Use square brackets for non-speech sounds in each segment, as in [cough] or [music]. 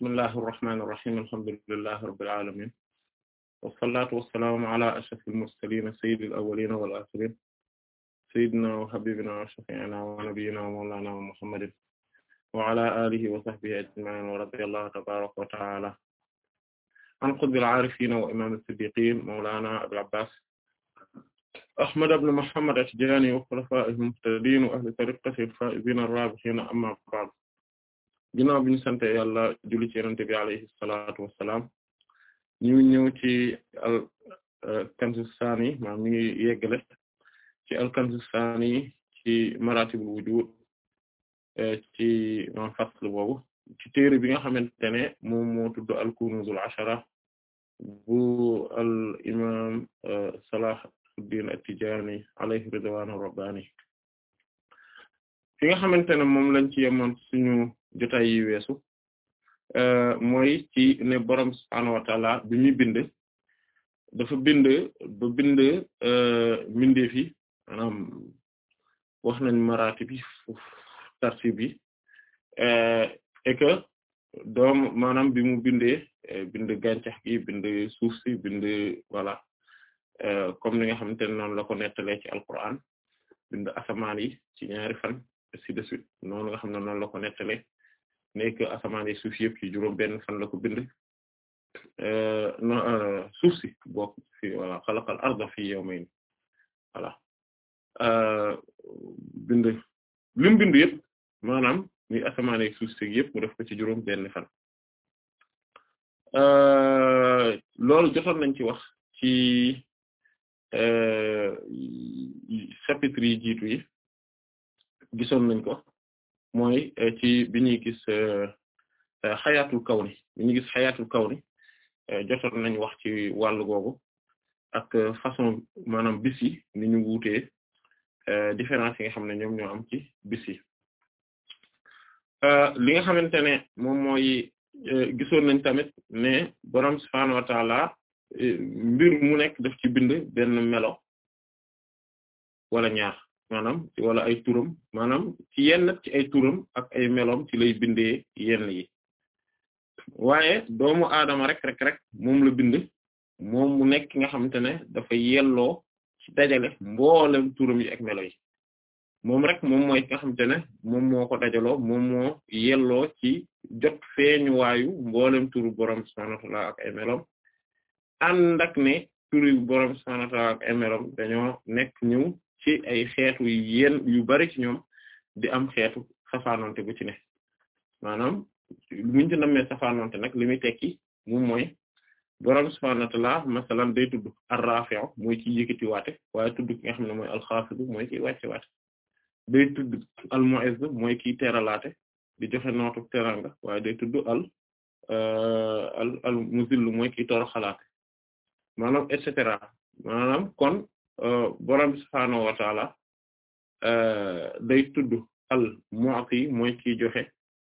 bismillahi irrahmani irrahim alhamdulillahi rabbil alamin wassalatu wassalaamu ala ashrafil mursalin sayyidil awwalin wal akhirin sayyidina wa habibina wa shafi'ina wa nabiyyina wa mawlana muhammadin wa ala alihi wa sahbihi ajma'in wa radiyallahu tabaraka wa ta'ala an qutbil aarifina wa imam as-siddiqin mawlana abul abbas ahmad ibn muhammad at-tijani wa khulafa'ihil muhtadin wa ahli tariqatihi al-faa'izin ar-raabihin amma ba'd ginnaaw bi ñu sante yàlla julli ci yonent bi alayhi salaatu wassalaam ñu ñëw ci al euh, kanzus saani maanaam ñu ngi yeggale ci al kanzus ci maratibul wujud euh, ci man fasl boobu ci téere bi nga xamante ne moom moo tudd al kunuzul ashara bu al imam euh, Salahuddin at-Tijani alayhi ridwanu rabbani fi nga xamante ne moom lañ ci yemoon suñu jotaay yi weesu euh, mooy ci ne borom subhaanahu wa taala bi bind dafa bind ba bind euh, mbindeef yi maanaam wax nañ maraati bi tarti bi euh, et que doom maanaam bi mu bindee bind gàncax gi bind suuf si bind voilà comme ni nga xamante ne noonu la ko nettalee ci alquran bind asamaan ci ñaari fan si de suite noonu nga xam la ko nettale nekk asamaan yi suuf ci juróom benn fan la ko bind euh, euh, suuf si bokk si voilà xalaqal arda fi yawmayn voilà euh, bind lim bind yëpp maanaam muy asamaan yi suuf si yëpp mu ci juróom benn fan loolu jotoon nañ ci wax ci chapitre yi yi gisoon nañ ko mooy eh, ci bi ñuy gis eh, eh, xayaatul kawni bi ñuy gis xayaatul kawni jotoon nañ wax ci wàll googu ak façon maanaam bis ni ñu wuutee différence yi nga xam ne ñoom ñoo am ci bis li nga xamante ne moom mooy gisoon nañ tamit ne borom subhaanahu wa mbir mu nekk daf ci bind benn melo wala ñaar maanaam wala ay turam maanaam ci yenn ci ay turam ak ay meloom ci lay bindee yenn yi waaye doomu aadama rek rek rek moom la bind moom mu nekk nga xamante ne dafa yelloo ci dajale mboolem turam yi ak melo yi moom rek moom mooy nga xamante ne moom moo ko dajaloo moo yelloo ci jot feeñuwaayu mboolem turu borom subhaanahu wa ta'aala ak ay meloom ànd ak borom subhaanahu ak ay meloom dañoo nekk ñëw ci ay xeetu yéen yu bari ñoom di am xeetu safaanonte bu ci ne maanaam muñ ci nammee safaanonte nag li muy tekki moom mooy borom subhaanahu wa ta'aala day tudd ar-raafi'u mooy ci yëkkati waate waaye tudd ki nga xam ne mooy al-xaafid mooy ci wàcce waate day tudd al-mu'izz mooy kiy teeralaate di joxe nootu teranga waaye day tudd al euh, al al muzillu mooy kiy toroxalaate maanaam et cetera Uh, borom bi subhaanahu uh, day tudd al mu'ti mooy ki joxe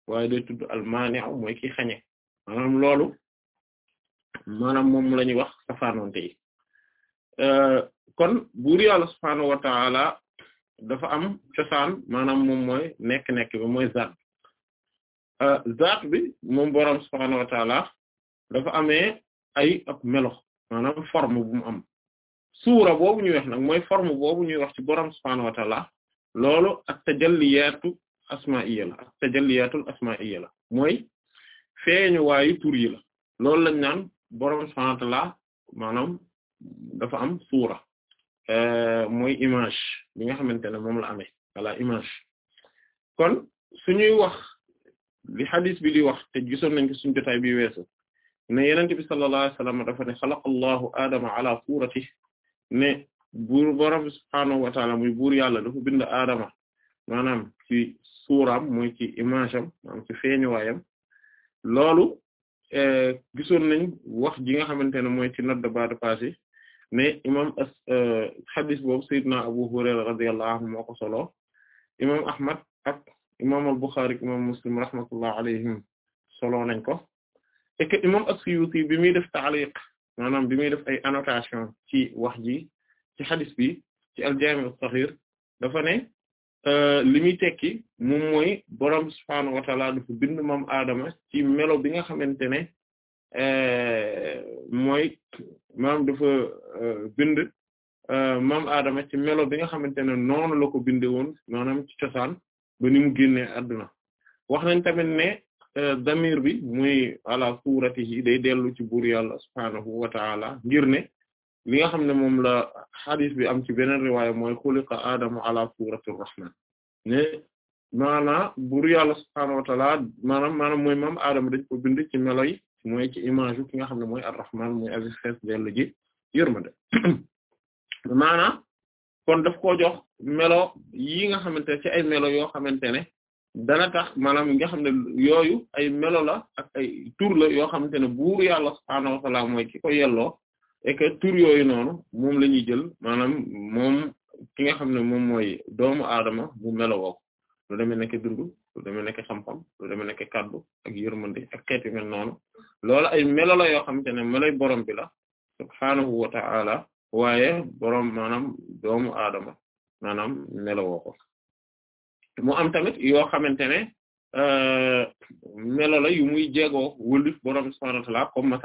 waaye day tudd al maani'u mooy kiy xañe maanaam loolu maanaam moom la ñuy wax safaanoonte yi uh, kon buur yàlla subhaanahu wa dafa am cosaan maanaam moom mooy nekk-nekk bi mooy zaat zaat bi moom borom subhaanahu wa dafa amee ay ab melo maanaam forme bu am suura boobu ñuy wax nag mooy forme boobu ñuy wax ci borom subhaanahu wa ta'ala loolu at-tajalliyatu asma'iyya a at-tajalliyatul la mooy feeñu waayu yi la loolu lañ naan borom subhaanahu wa ta'ala maanaam dafa am suura euh, mooy image bi nga xamante ne moom la amee wala image kon ñuy wax li hadith bi di wax te gisoon nañ ko suñu jotaay bi weesu ne yonent bi sallallahu alayhi wasallam dafa ne xalaqa Allahu Adama ala suratihi ne buur borom subhaanahu wa taala muy buur yàlla dafa bind aadama maanaam ci suuraam muy ci image am maanaam ci feeñuwaayam loolu eh, gisoon nañ wax ji nga xamante ne mooy ci nodd ba de passé ne imam as hadith eh, boobu sayyidina Abu Hurayra radiyallahu anhu moo ko solo imam Ahmad ak imam al-Bukhari imam Muslim rahmatullah alayhim solo nañ ko et imam as-Suyuti bi def ta'liq maanaam bi muy def ay annotation ci wax ji ci xadis bi ci al-Jaami' as-Saxiir dafa ne euh, li muy tekki moom mooy boroom subhaanahu wa bind moom aadama ci melo bi nga xamante ne euh, mooy maanaam dafa euh, bind moom aadama ci melo bi nga xamante ne noonu la ko binde woon maanaam ci cosaan ba ni mu génnee àdduna wax nañ tamit ne Euh, damir bi muy ala suratihi day dellu ci buur yàlla subhaanahu wa taala ngir ne li nga xam ne moom la xadis bi am ci beneen riwaaya mooy xuliqa aadamu ala surati rahman ne maanaam buur yàlla subhaanahu wa taala maanaam maanaam mooy maam aadama dañ ko bind ci melo yi mooy ci image nga xam ne moy ar-rahman mooy aji xees dellu ji yërmande maanaam kon daf koo jox melo yi nga xamante ne ci ay melo yoo xamante ne dana tax maanaam nga xam ne yooyu ay melo la ak ay tur la yoo xamante ne buuru yàlla subhaanahu wa ta'aala mooy ki ko yelloo et que tur yooyu noonu moom la ñuy jël maanaam moom ki nga xam ne moom mooy doomu aadama bu melo woo ko lu demee nekk dund lu demee nekk xam-xam lu demee nekk kaddu ak yërmande ak xeet yu mel noonu loolu ay melo la yoo xamante ne meloy borom bi la subhaanahu wa waaye borom maanaam doomu aadama maanaam melo woo mu am tamit yoo xamante ne euh, melo la yu muy jéego wëlif borom subhaanahu wa ta'aala comme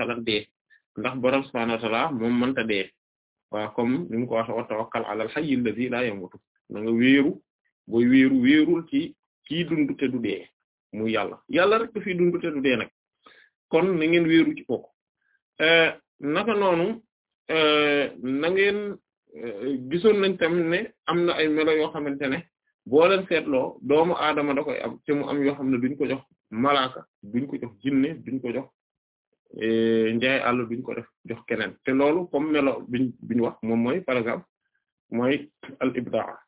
ndax borom subhaanahu wa ta'aala moom mënta dee waaw comme ni ko waxee wa tawakkal ala al-hayy alladhi la yamutu na nga wéeru booy wéeru wéerul ci kii dund te du dee muy yàlla yàlla rek dafay dund te du dee nag kon na ngeen wéeru ci kooku euh, naka noonu euh, na ngeen gisoon nañ tamit ne am na ay melo yoo xamante ne. boo leen seetloo doomu aadama da koy am te am yoo xam ne duñ ko jox malaaka duñ ko jox jinne duñ ko jox eh, njaay àll duñ ko def jox keneen te loolu comme melo biñ biñ wax moom mooy par exemple mooy al ibdaa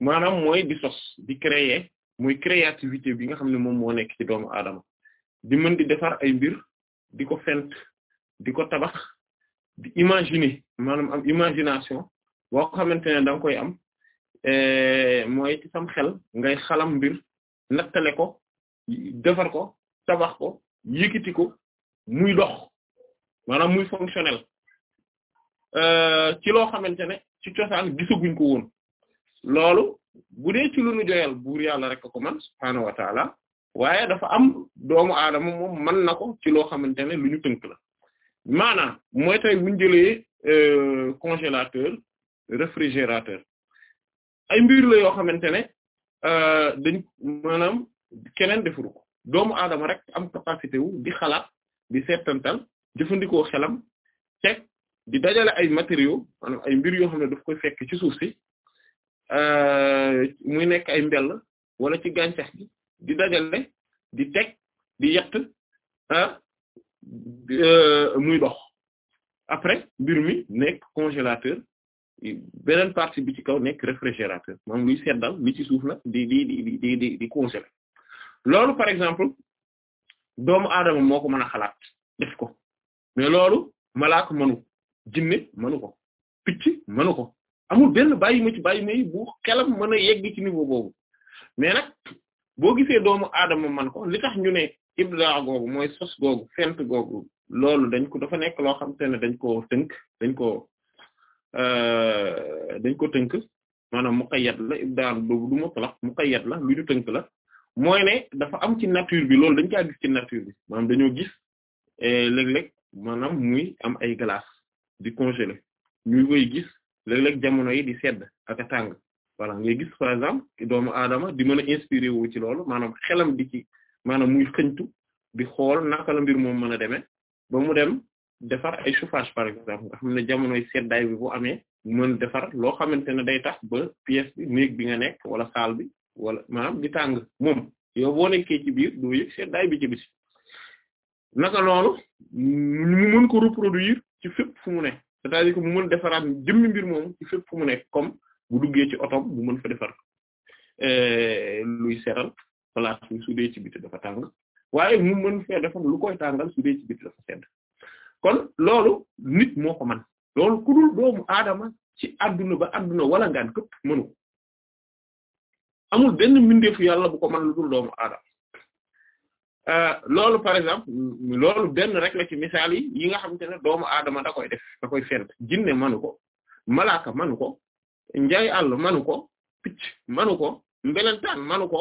maanaam mooy di sos di créer muy créativité bi nga xam ne moom moo nekk ci doomu aadama di mën di defar ay mbir di ko fent di ko tabax di imaginer maanaam am imagination boo xamante ne da nga koy am Eh, mooy ci sam xel ngay xalam mbir nattale ko defar ko tabax ko yëkkati ko muy dox maanaam muy fonctionnel eh, ci loo xamante ne ci cosaan gisaguñ ko woon loolu bu dee ci lu nu joyal buur yàlla rek ko man subhaanahu wa taala waaye dafa am doomu aadama moom man na ko ci loo xamante ne lu ñu tënk la maanaam mooy tey buñ jëlee eh, congélateur réfrigérateur ay mbir la yoo xamante ne euh, dañ maanaam keneen defuru ko doomu aadama rek am capacité wu di xalaat di seetantal jëfandikoo xelam teg di dajale ay matériaux maanaam ay mbir yoo xam ne daf koy fekk ci suuf si euh, muy nekk ay mbell wala ci gàncax gi di dajale di teg di yett ah euh, muy dox après mbir mi nekk congélateur beneen partie bi ci kaw nekk réfrigérateur moom luy seddal li ci suuf la di di di di di di congeler loolu par exemple doomu aadama moo ko mën a xalaat def ko mais loolu malaak mënu jinne mënu ko picc mënu ko amul benn bàyyi ma ci bàyyi may bu xelam mën a yegg ci niveau boobu mais nag boo gisee doomu aadama man ko li tax ñu ne ibda googu mooy sos googu fent googu loolu dañ ko dafa nekk loo xam te ne dañ koo tënk dañ ko Euh, dañ ko tënk maanaam muqayyad la ibdaal mok la mutlaq muqayyad la lu tënk la mooy ne dafa am ci nature bi loolu dañ kaa gis ci nature bi maanaam dañoo gis eh, léeg-léeg maanaam muy am ay glace di congelé ñu koy gis léeg-léeg jamono yi di sedd ak a tàng voilà ngay gis par exemple doomu aadama di mën a inspiré wu ci loolu maanaam xelam di ci maanaam muy xëñtu di xool naka la mbir moom mën a demee ba mu dem defar ay chauffage par exemple nga xam ne jamonoy seddaay bi bu amee mu mën defar loo xamante ne day tax ba pièce bi néeg bi nga nekk wala salle bi wala maanaam di tàng moom yow boo nekkee bi ci biti naka loolu mu mën ko reproduire ci fépp fu mu ne c'est-à-dire mu mën defaraat jëmmi mbir moom ci fépp fu mu nekk comme bu duggee ci otom mu mën fa defar euh, luy seral place bi su ci biti dafa tàng waaye mu mën fee defar lu koy tàngal su ci biti dafa sedd kon loolu nit moo man loolu ku dul doomu ci adduna ba adduna wala ngaan këpp mënu ko amul benn mbindeefu yàlla bu ko man lu dul doomu aadama euh, loolu par exemple loolu benn rek la ci misaal yi nga xamante ne doomu aadama da koy def da koy fent jinne manu ko malaaka manu ko njaay àll manu ko picc manu ko mbelentaan manu ko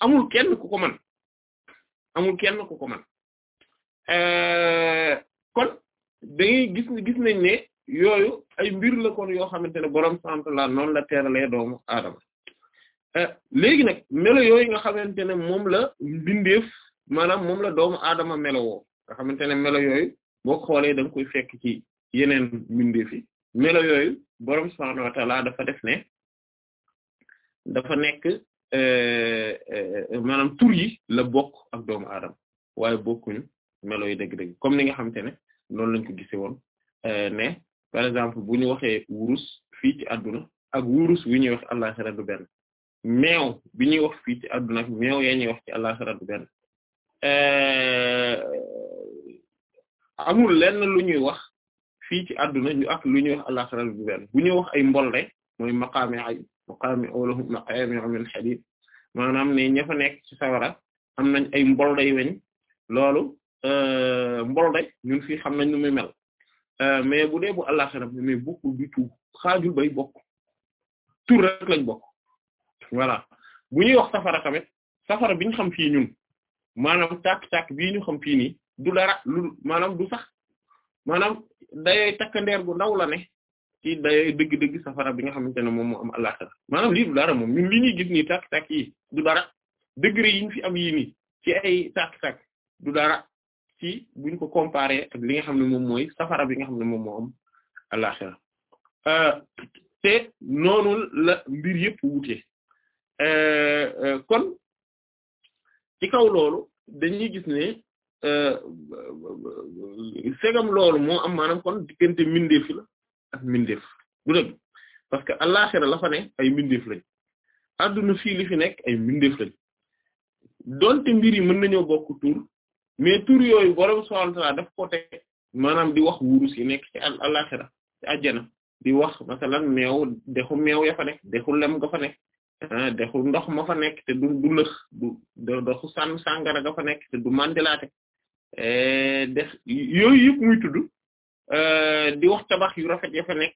amul kenn ku ko man amul kenn ku ko man euh, kon dangay gis gis nañ ne yooyu ay mbir la kon yoo xamante ne borom sant la noonu la teeralee doomu aadama euh, léegi nag melo yooyu nga xamante ne moom la mbindeef maanaam moom la doomu aadama melowoo nga xamante ne melo yooyu boo xoolee da koy fekk ci yeneen mbindeef yi melo yooyu borom subhaanahu wa ta'aala dafa def dafa nekk euh, euh, maanaam tur la bokk ak doomu aadama waaye bokkuñu melo yi dëgg-dëgg comme ni nga xamante ne noonu lañ ko gisee woon euh, ne par exemple bu ñu waxee wurus fii ci àdduna ak wurus wi ñuy wax àllaxira du benn meew bi ñuy wax fii ci àdduna ak meew yaa ñuy wax ci àllaxira du benn euh, amul lenn lu ñuy wax fii ci àdduna ñu ak lu ñuy wax àllaxira du bu ñuy wax ay mbolde mooy maqaami ay maqaami awlahum maqaami min hadid maanaam ne ña fa nekk ci sawara am nañ ay mbolday weñ loolu Euh, mbol day ñun fii xam nañ nu mel euh, mais bu dee bu àllaxira mais bokkul du tout xaajul bay bokk tur rek lañ bokk voilà bu ñuy wax safara tamit safara bi ñu xam fii ñun maanaam tàkk-tàkk bii ñu xam fii du dara lu maanaam du sax maanaam dayooy takkandeer gu ndaw la ne ci dayooy dëgg-dëgg safara bi nga xamante ne moom moo am àllaxira maanaam lii du dara moom ñun li ñuy gis nii tàkk-tàkk yi du dara degré yi fi am yii ci ay tàkk-tàkk du dara ci buñ ko comparé ak li nga xam ne moom mooy safara bi nga xam ne moom moo am àllaxira euh, te la mbir yëpp wute euh, euh, kon ci kaw loolu dañuy gis ne segam loolu moo am maanaam kon diggante mbindeef la ak mbindeef bu parce que àllaxira la fa ay mbindeef lañ adduna fii ay mbindeef lañ donte mbir yi mën nañoo mais tur yooyu bo subhaanahu wa ta'aala daf ko teg maanaam di wax wurus yi nekk ci àllaxira ci àjjana di wax masalan meew dexu meew ya fa nekk dexu lem ga fa nekk ah, dexu ndox ma fa nekk te du du lëx du doxu sàn sàngara ga nekk du mandilaate eh, dex muy tudd eh, di wax tabax yu rafet ya fa nekk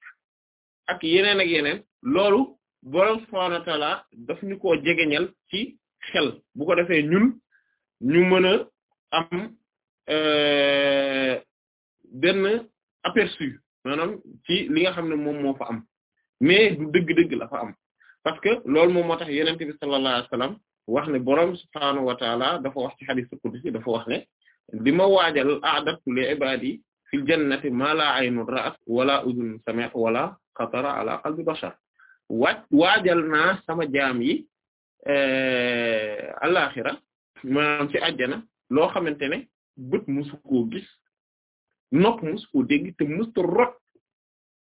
ak yeneen ak yeneen loolu bo subhaanahu wa ta'aala daf ñu koo jegeñal ci xel bu ko defee ñun ñu mën a am euh, benn aperçu maanaam ci li nga xam ne moom moo fa am mais du dëgg-dëgg la fa am parce que loolu moom moo tax yenente bi sallallahu alayhi wax ne boroom subhaanahu wa dafa wax ci hadith qudsi dafa wax ne li ma waajal a'dadtu li ibadi fil jannati ma la aynun ra'at wala udhun sami'at wala xatara ala qalbi bashar waaj waajal naa sama jaam yi euh, alaxira maanaam ci àjjana loo xamante ne bët musu koo gis nopp musu koo te musta rot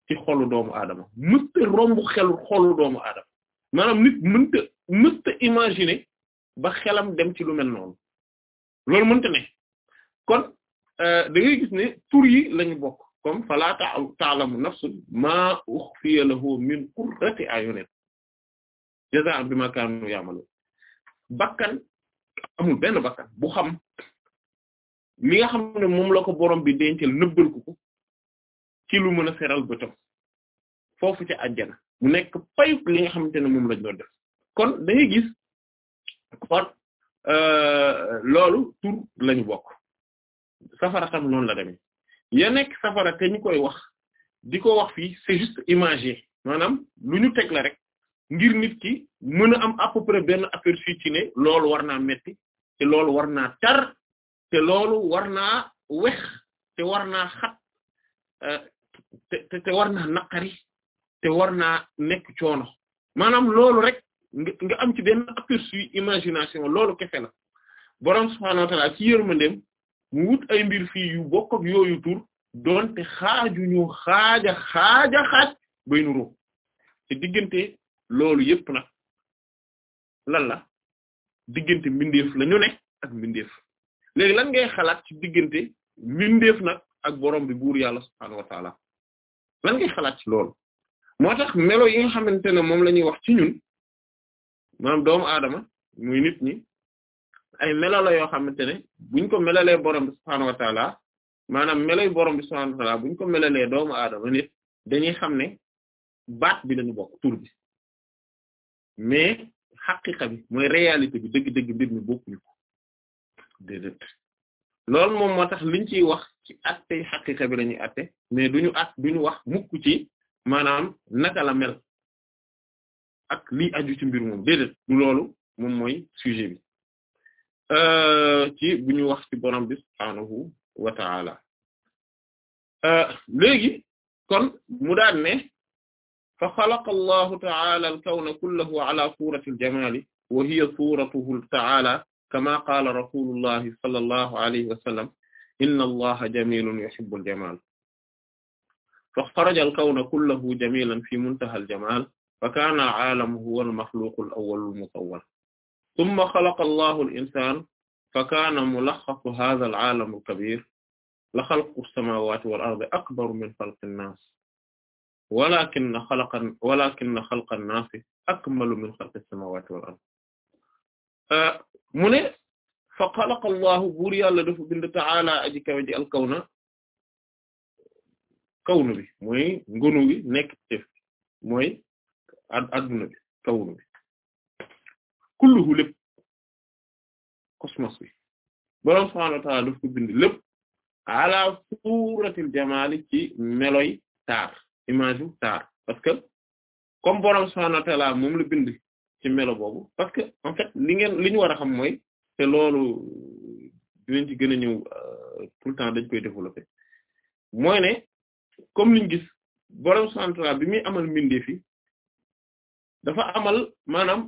ci xolu doomu aadama musta romb xelu xolu doomu aadama maanaam nit mënta mënta imaginer ba xelam dem ci lu men noonu loolu mënta ne kon euh, da ngay gis ne tur yi lañu bokk comme fala ta'lamu nafsun ma ukhfiya lahu min qurrati ayunin jaza'an bima kanu ya'malun bakkan amul benn bakkan bu xam li nga xam ne moom la ko boroom bi dencal nëbbal ko ko ci lu mën a seral bëtam foofu ca àjjana mu nekk pay li nga xamante ne moom lañ doon def kon da gis euh, loolu tur lañu bokk safara tam noonu la demee ya nekk safara te ñu koy wax di ko wax fii c'est juste imagé maanaam lu ñu teg rek ngir nit ki mën a am à peu près benn aperçu ci loolu war naa metti te loolu war naa tar te loolu war naa wex te war naa xat euh, te te war naa naqari te war naa nekk coono maanaam loolu rek nga am ci benn aperçu imagination loolu kese la boroom subhaanahu wa ta'aala ci yërmandeem mu wut ay mbir fii yu bokk ak yooyu tur doonte xaaju ñu xaaja xaaja xaaj bay nuroo te diggante loolu yëpp na lan la diggante mbindeef la ñu ne ak mbindeef léegi lan ngay xalaat ci diggante mbindeef nag ak borom bi buur yàlla subhaanahu wa taala lan ngay xalaat ci loolu moo tax melo yi nga xamante ne moom la ñuy wax ci ñun maanaam doomu aadama muy nit ñi ay melo la yoo xamante ne buñ ko melalee borom bi subhaanahu wa taala maanaam meloy borom bi subhaanahu wa taala buñ ko melalee doomu aadama nit dañuy xam ne baat bi lañu bokk mais xaqiqa bi mooy réalité bi dëgg-dëgg mbir mi bokkuñu ko déedéet loolu moom moo tax liñ ciy wax ci atte xaqiqa bi la ñuy atte mais duñu at ñu wax mukk ci maanaam naka la mel ak lii aju ci mbir moom déedéet du loolu moom mooy sujet bi euh, ci bu ñu wax ci borom bi subhaanahu wa ta'ala euh, léegi kon mu daan ne fa xalaqa allahu ta'ala al-kawna kullahu ala surati al-jamali wa hiya suratuhu ta'ala kama qaala rasulullahi sallallahu alayhi wa sallam inna allaha jamilun yuhibbul jamal faxraja al-kawna kullahu jamilan fi muntaha al-jamal fa kaana al-aalamu huwa al-maxluuqu al-awwal al-musawwar thumma xalaqa allahu al-insana fa kaana mulaxxasu haadha al-aalami al-kabir la xalqu as-samaawaati wal ardi akbaru min xalqi an-nas walakinna xalqan walakinna xalqan naasi akmalu min xalqi samawati wal ard mu ne fa xalaqa allahu buur yàlla dafa bind ta'ala aji kawe ji al kawna kawnu bi mooy ngënu nekk tef mooy adduna bi kawnu bi kulluhu lépp cosmos bi boroom subhaanahu wa ta'ala daf ko bind lépp ala suratil jamaali ci meloy taar image yu taar parce que comme borom subhaanahu moom la bind ci melo boobu parce que en fait li ngeen li war a xam mooy te loolu dinañ ci gën a ñëw euh, le temps dañ koy développé mooy ne comme liñ gis borom subhaanahu wa bi muy amal mbindeef yi dafa amal maanaam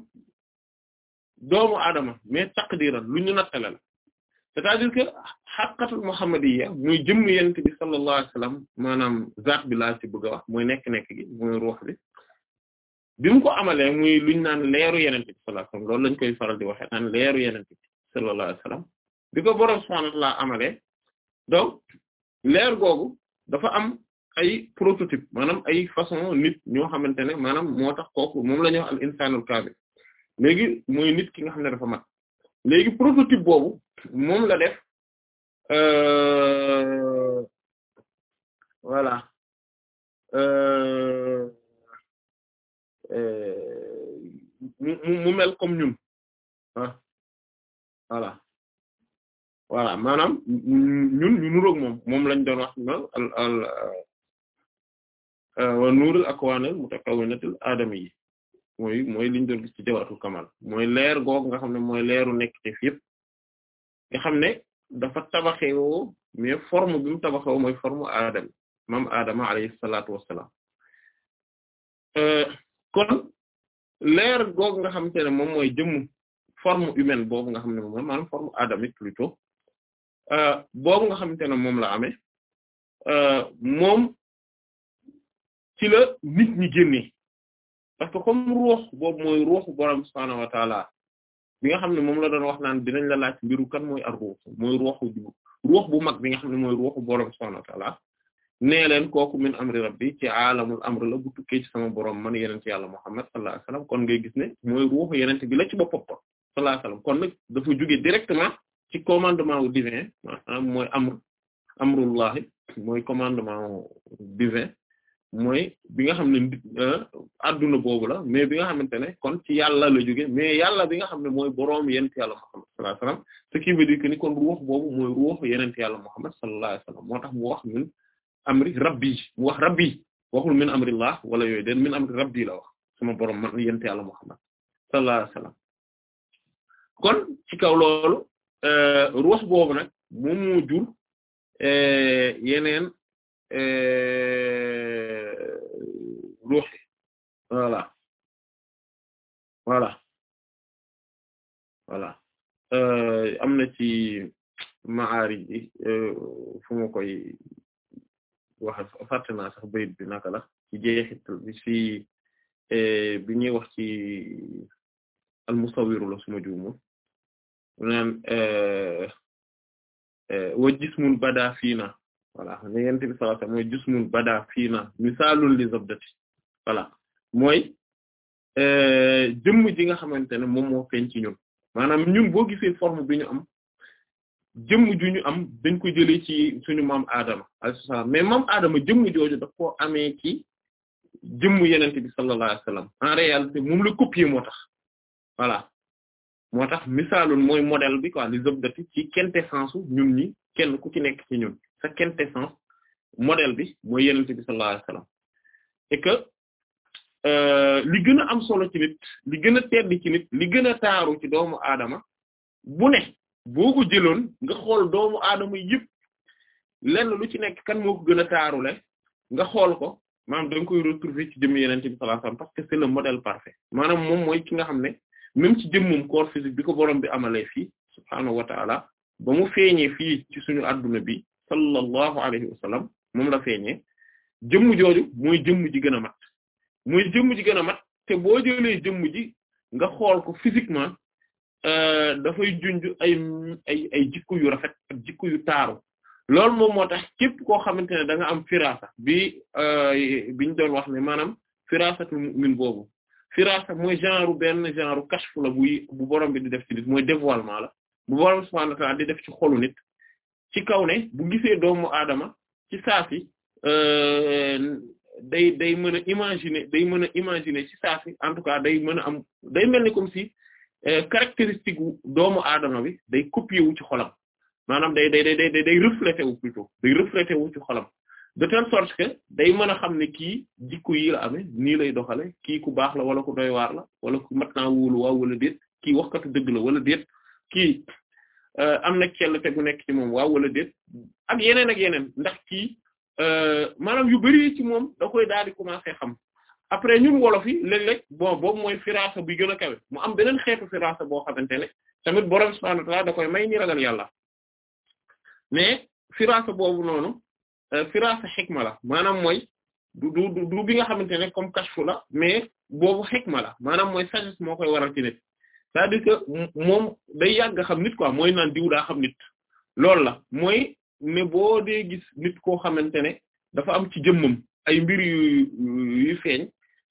doomu aadama mais taqdiran lu ñu nattale la c'est-à-dire que xaqatul muhammadiyya muy jëmm yent bi sallallahu alayhi wasallam maanaam zaat bi laa ci bëgg wax mooy nekk-nekk gi ruux bi bi mu ko amalee muy luñ naan leeru yenent bi sallallahu lañ koy faral di waxee naan leeru yenent bi sallallahu alayhi wasallam bi ko boroom subhaanahu wa ta'aala amalee donc leer googu dafa am ay prototype maanaam ay façon nit ñoo xamante ne maanaam moo tax kooku moom la ñuy al insaanul kaamil léegi mooy nit ki nga xam ne dafa mat léegi prototype boobu moom la def euh voilà euh, euh mu mu mel comme ñun ah voilà voilà maanaam ñun ñu nuroog moom moom lañ doon wax na al al euh, euh, wa nuurul akwaanil mutakawwinatil aadami yi mooy mooy liñ doon gis kamal mooy leer googu nga xam ne mooy leeru nekk te fi nga xam ne dafa tabaxewoo mais forme bi mu tabaxewoo mooy forme aadam mam aadama alayhi salaatu wassalaam euh, kon leer googu nga xamante ne moom mooy jëmm forme humaine boobu nga xam ne moom maanaam forme adamique plutôt euh, boobu nga xamante ne moom la ame euh, moom ci la nit ñi génnee parce que comme ruux boobu mooy ruuxu borom subhaanahu wa taala bi nga xam ne moom la doon wax naan dinañ la laaj mbiru kan mooy a ruux mooy ruuxu ji bu mag bi nga xam ne mooy ruuxu borom subhaanahu wa taala nee leen kooku min amri rabbi ci aalamul amr la bu tukkee ci sama borom man yeneen ci yàlla Muhammad sallallahu alayhi kon ngay gis ne mooy ruuxu yeneen bi la ci boppam sallallahu alayhi kon nag dafa jóge directement ci commandement divin maanaam mooy amr amrullahi mooy commandement divin mooy bi nga xam ne euh, adduna boobu la mais bi nga xamante ne kon ci yàlla la jóge mais yàlla bi nga xam ne mooy boroom yonent yàlla Muhammad sallallahu alayhi wasallam ce qui veut dire que ni kon yàlla Muhammad sallallahu alayhi moo tax mu wax min amri rabbi mu wax rabbi waxul min amrillah wala yooyu den min amri rabbi la wax sama boroom man yonent yàlla Muhammad sallallahu alayhi kon ci kaw loolu euh, ruux boobu nag moom jur euh, yeneen Euh, ruux gi voilà voilà voilà euh, am na ci maari ji euh, fu ma koy wax fàtte sax bayit bi naka la ci jeexital bi ci bi ñuy wax ci almusawiru la suma juumu naan wa jismun bada fiina voilà ne yent bi sallallahu alayhi wasallam mooy jismun bada fii na misaalul li zabdati voilà mooy euh, jëmm ji nga xamante ne moom moo feeñ ci ñun maanaam ñun boo gisee forme bi ñu am jëmm ju ñu am dañ ko jëlee ci suñu maam Adama alayhi salaam mais maam Adama jëmm jooju daf koo amee ci jëmm yonent bi sallallahu alayhi wasallam en réalité moom la copier moo tax voilà moo tax misaalul mooy modèle bi quoi li zabdati ci quintessence ñun ñi kenn ku ci nekk ci ñun sa quintessence model bi mooy yenente bi sallallahu alayhi wasallam et euh, li gën a am solo ci nit li gën a tedd ci nit li gën a taaru ci doomu aadama bu ne boo ko jëloon nga xool doomu aadama yëpp lenn lu ci nekk kan moo ko gën a taarule nga xool ko maanaam da koy retrouver ci jëmm yenente bi sallallahu alayhi que c'est le modèle parfait maanaam moom mooy ki nga xam ne même ci jëmmum corps physique bi ko borom bi amalee fii subhaanahu wa ta'ala ba mu feeñee fii ci suñu adduna bi sallallahu alayhi wa sallam moom la feeñee jëmm jooju muy jëmm ji gën a mat muy jëmm ji gën a mat te boo jëlee jëmm ji nga xool ko physiquement euh, dafay junj ay ay ay jikko yu rafet ak jikko yu taaru loolu moom moo tax képp koo xamante ne da am firasa bi euh, biñ doon wax ne maanaam firasatul mu'min boobu firasa muy genre benn genre kashfu la buy bu borom bi di def ci nit mooy dévoilement la bu borom subhanahu wa ta'ala def ci xolu nit ci kaw ne bu gisee doomu aadama ci saafi euh, day day mën a day mën a imaginer ci saafi en tout cas day mën a am day mel ni comme si euh, caractéristique wu doomu aadama bi day copier wu ci xolam maanaam day day day day day refléter wu plutôt day refléter wu ci xolam de telle sorte que day mën a xam ne kii jikko yi la amee nii lay doxale kii ku baax la wala ku doy waar la wala ku mat naa wóolu waa wala déet kii waxkatu dëgg la wala déet kii Euh, am na kell te nekk ci moom waaw wala déet ak yeneen ak yeneen ndax kii euh, maanaam yu bari ci moom da koy daal di commencer xam après ñun wolo yi léeg-léeg bon boobu mooy firaasa bi gën a kawe mu am beneen xeetu firaasa boo xamante ne tamit borom subhaanahu wa ta'aala da koy may ñi ragal yàlla mais firaasa boobu noonu euh, firaasa xikma la maanaam mooy du du du bi nga xamante ne comme kashfu la mais boobu xikma la maanaam mooy sagesse moo koy waral ci nit c'est-à-dire que moom day yàgg xam nit quoi mooy naan diw daa xam nit loolu la mooy ne boo dee gis nit koo xamante ne dafa am ci jëmmam ay mbir yu yu feeñ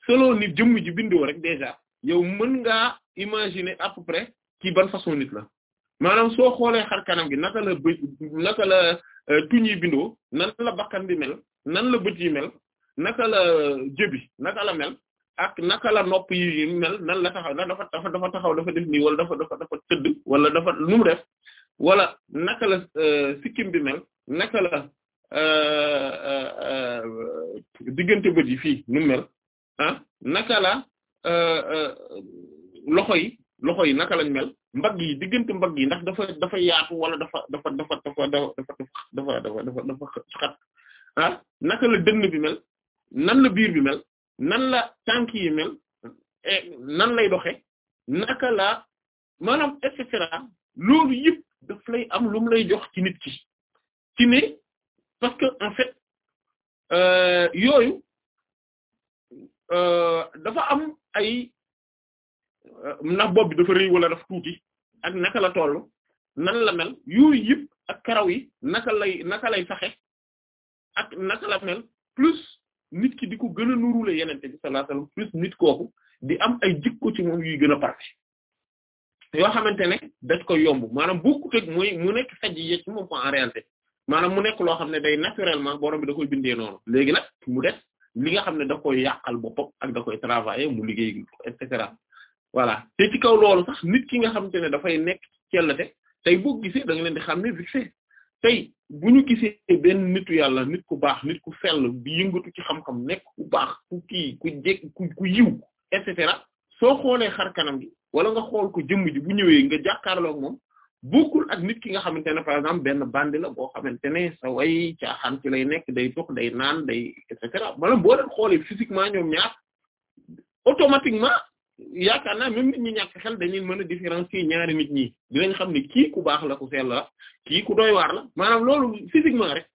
selon nit jëmm ji bindoo rek déjà yow mën ngaa imaginer à peu près ci ban façon nit la maanaam soo xoolee xar kanam gi naka la bë naka la euh, tuñ yi bindoo nan la bakkan bi mel nan la bët yi mel naka la euh, jëbi naka la mel ak naka la nopp yi mel nan la taxaw dafa dafa taxaw dafa def nii wala dafa dafa dafa tëdd wala dafa nu mu wala naka la euh, sikkim bi mel naka la euh, euh, diggante bët yi fii nu mu ah, naka la loxo yi loxo yi naka lañ mel mbagg yi diggante mbagg yi ndax dafa dafa yaatu wala dafa dafa dafa dafa xat ah, naka la dënn bi mel nan la biir bi mel nan la tànk yi mel e, nan lay doxe naka la maanaam et cetera loolu yëpp daf lay am lu lay jox ci ki ci parce que en fait euh, euh dafa am ay euh, ndax bopp bi dafa rëy wala ak naka la toll nan la mel yooyu yëpp ak karaw yi naka lay naka lay saxe ak naka la mel plus nit ki di ko gën a nurule yenente bi sallallahu alayhi wasallam plus nit kooku di am ay jikko ci moom yuy gën a parfait yoo xamante ne dañ ko yomb maanaam bokkut ak mooy mu nekk sajj yi ci moom ko en réalité maanaam mu nekk loo xam ne day naturellement borom bi da koy bindee noonu léegi nag mu def li nga xam ne da koy yàqal boppam ak da koy travailler mu liggéey et cetera voilà te ci kaw loolu sax nit ki nga xamante ne dafay nekk cellate tey boo gisee da nga leen di xam n tey bu ñu gisee benn nitu yàlla nit ku baax nit ku sell bi yëngatu ci xam-xam nekk ku baax ku kii ku jekk ku yiw et cetera soo xoolee xar kanam gi wala nga xool ko jëmm ji bu ñëwee nga jàkkaarloo ak moom bokkul ak nit ki nga xamante ne par exemple benn bandi la boo xamante ne sa way caaxaan ci lay nekk day dox day naan day et cetera maanaam boo leen xoolee physiquement ñoom ñaar automatiquement yaakaar na même nit ñi ñàkk xel dañuy mën a différencier ñaari nit ñi dinañ xam ne kii ku baax la ku sell la kii ku doy waar la maanaam loolu physiquement rek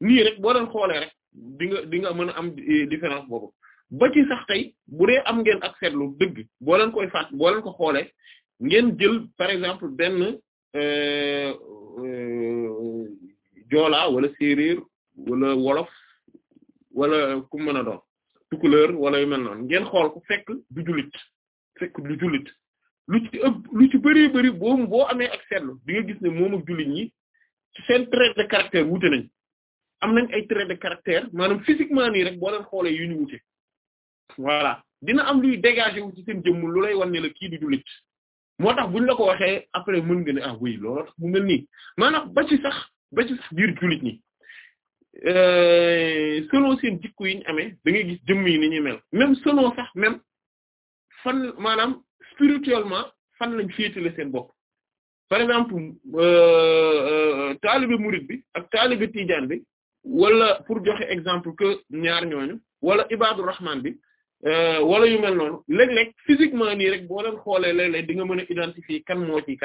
nii rek boo doon xoolee rek di nga di nga mën a am eh, différence boobu ba ci sax tey bu dee am ngeen ak seetlu dëgg boo leen koy faat boo leen ko xoolee ngeen jël par exemple benn eh, eh, joolaa wala séeréer wala wolof wala ku mën a doon tukkuleer wala yu mel noonu ngeen xool ko fekk du jullit fekk du jullit lu ci ëpp lu ci bëree bëri boobu boo amee ak seetlu di nga gis ne moom ak ñi ci seen trait de caractère wute nañ am nañ ay trait de caractère maanaam physiquement nii rek boo leen xoolee yu ñu wute voilà dina am luy dégager wu ci seen jëmm lu lay wan ne la kii du jullit moo tax buñ la ko waxee après mën nga ne ah oui tax mu mel nii maanaam ba sax ba sax biir jullit ñi Euh, selon seen jikko yi ñu amee da ngay gis jëmm yi ni ñuy mel même selon sax même fan maanaam spirituellement fan lañ féetale seen bopp par exemple euh, euh, taalibe murid bi ak taalibe tijaan bi wala pour joxe exemple que ñaar ñooñu wala ibadu rahman bi wala yu mel noonu léeg-léeg physiquement nii rek boo leen xoolee léeg-léeg di nga mën a identifier kan moo ci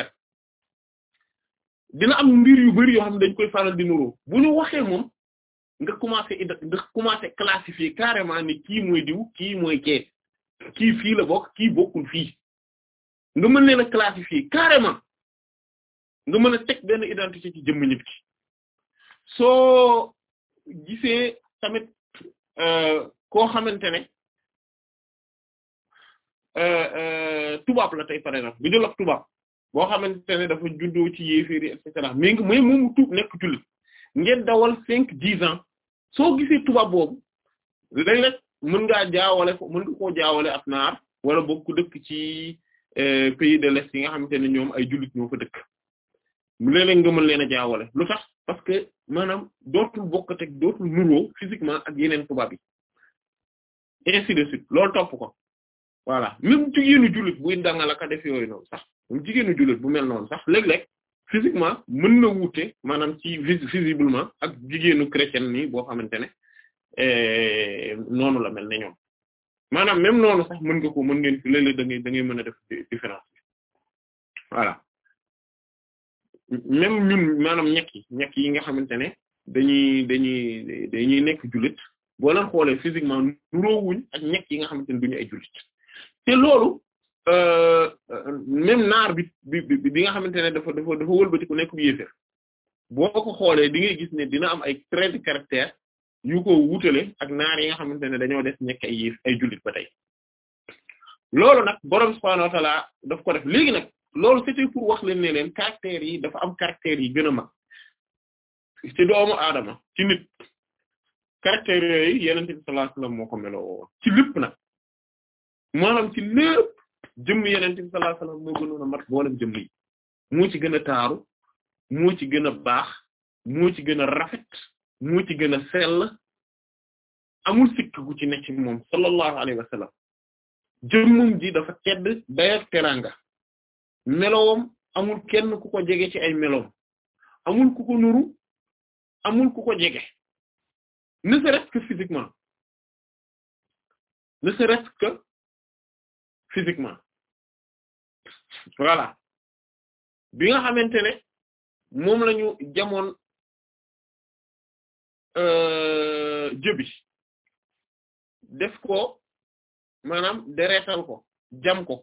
dina am mbir yu bari yoo xam ne dañ koy faral di nuroo bu waxee moom nga commencé nga commencé classifier carrément ne kii mooy diw kii mooy kee kii fii la bokk kii bokkul fii nga mën leen a classifier carrément nga mën a teg benn identité ci jëmm nit ki soo gisee tamit euh, koo xamante ne euh, euh, tubaab la tey par exemple bi jël ak tubaab boo xamante ne dafa juddoo ci yéeféeri et cetera mais nga mais moomu tuub nekk jullit ngeen dawal cinq dix ans soo gisee tubaab boobu léeg-léeg mën ngaa jaawale ko mën nga koo jaawale ak naar wala boog ku dëkk ci euh, pays de l'Est yi nga xamante ne ñoom ay jullit ñoo fa dëkk léeg-léeg nga mën leen a jaawale lu tax parce que maanaam dootul bokkate dootul nuroo physiquement ak yeneen tubaab yi et ainsi de suite lool topp ko voilà même jigéenu jullit buy dangalaka def yooyu noonu sax même jigéenu jullit bu mel noonu sax léeg-léeg physiquement mën na wuute maanaam ci visiblement ak jigéenu chrétien nii boo xamante ne eh, noonu la mel ne ñoom maanaam même noonu sax mën nga ko mën ngeen le léeg da ngay da ngay mën a def différence bi voilà même ñun maanaam ñekk yi yi nga xamante ne dañuy dañuy dañuy nekk jullit boo leen xoolee physiquement nuroowuñ ak ñekk yi nga xamante ne duñu ay te loolu Euh, même naar bi bi bi nga xamante ne dafa dafa dafa wëlbati ku nekk bu yéeféer boo ko xoolee di ngay gis ne dina am ay trait de caractère yu ko wutale ak naar yi nga xamante ne dañoo des nekk ay yéef ay jullit ba tey loolu nag boroom subhaanahu wa daf ko def léegi nag loolu c'était pour wax leen ne yi dafa am caractères yi gën a mag ci doomu aadama ci nit caractères yooyu yenente bi sallallahu alayhi wasallam moo woon ci lépp nag maanaam ci lépp jëmm yeneen bi sallallahu mu wasallam moo gënoon a mat mboolem jëmm yi ci gën a taaru moo ci gën a baax mu ci gën a rafet moo ci gën a sell amul sikk gu ci nekk moom sallallahu alayhi wasallam jëmmum ji dafa tedd dayak teranga melowam amul kenn ku ko jege ci ay melowam amul ku ko nuru amul ku ko jege ne serait physiquement ne serait physiquement voilà bi nga xamante ne moom la ñu jamoon euh, jëbi def ko maanaam deretal ko jam ko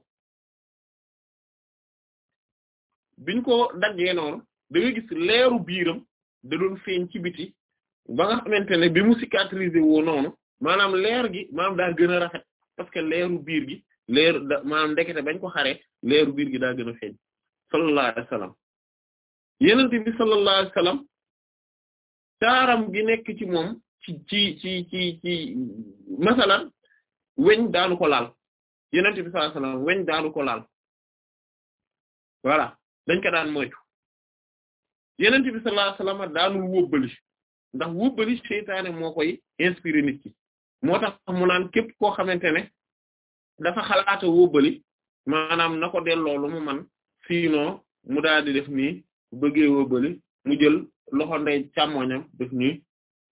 biñ ko daggee noonu da nga gis leeru biiram da doon feeñ ci ba nga xamante ne bi mu cicatriser woo noonu maanaam leer gi maanaam daa gën a rafet parce que leeru biir gi leeru maanaam ndekete bañ ko xare leeru biir gi daa gën a feeñ sallallahu alayhi wa sallam yenent bi sallallahu gi nekk ci moom ci ci ci ci weñ daanu ko laal yenent bi sallallahu weñ daanu ko laal voilà dañ ko daan moytu yenent bi sallallahu alayhi wa sallam daanul ndax wóbbali seytaane moo koy inspiré nit ki képp koo xamante ne dafa xalaata wóbbali maanaam na ko delloo mu man sinon mu daal di def nii bëggee wóbbali mu jël loxo ndey càmmoñam def nii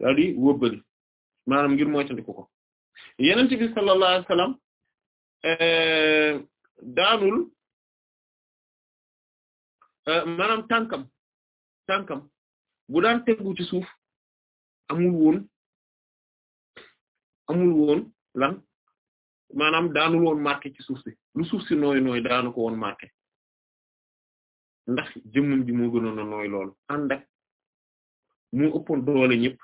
daal ngir moytandiku ko yeneen bi sallallahu alayhi wasallam eh, daanul eh, maanaam tànkam tànkam bu daan tegu ci suuf amul woon amul woon lan maanaam daanul woon marqué ci suuf si lu suuf si nooy nooy daanu ko woon marqué ndax jëmmum ji moo gënoon a nooy loolu ànd ak mu ëppoon doole ñëpp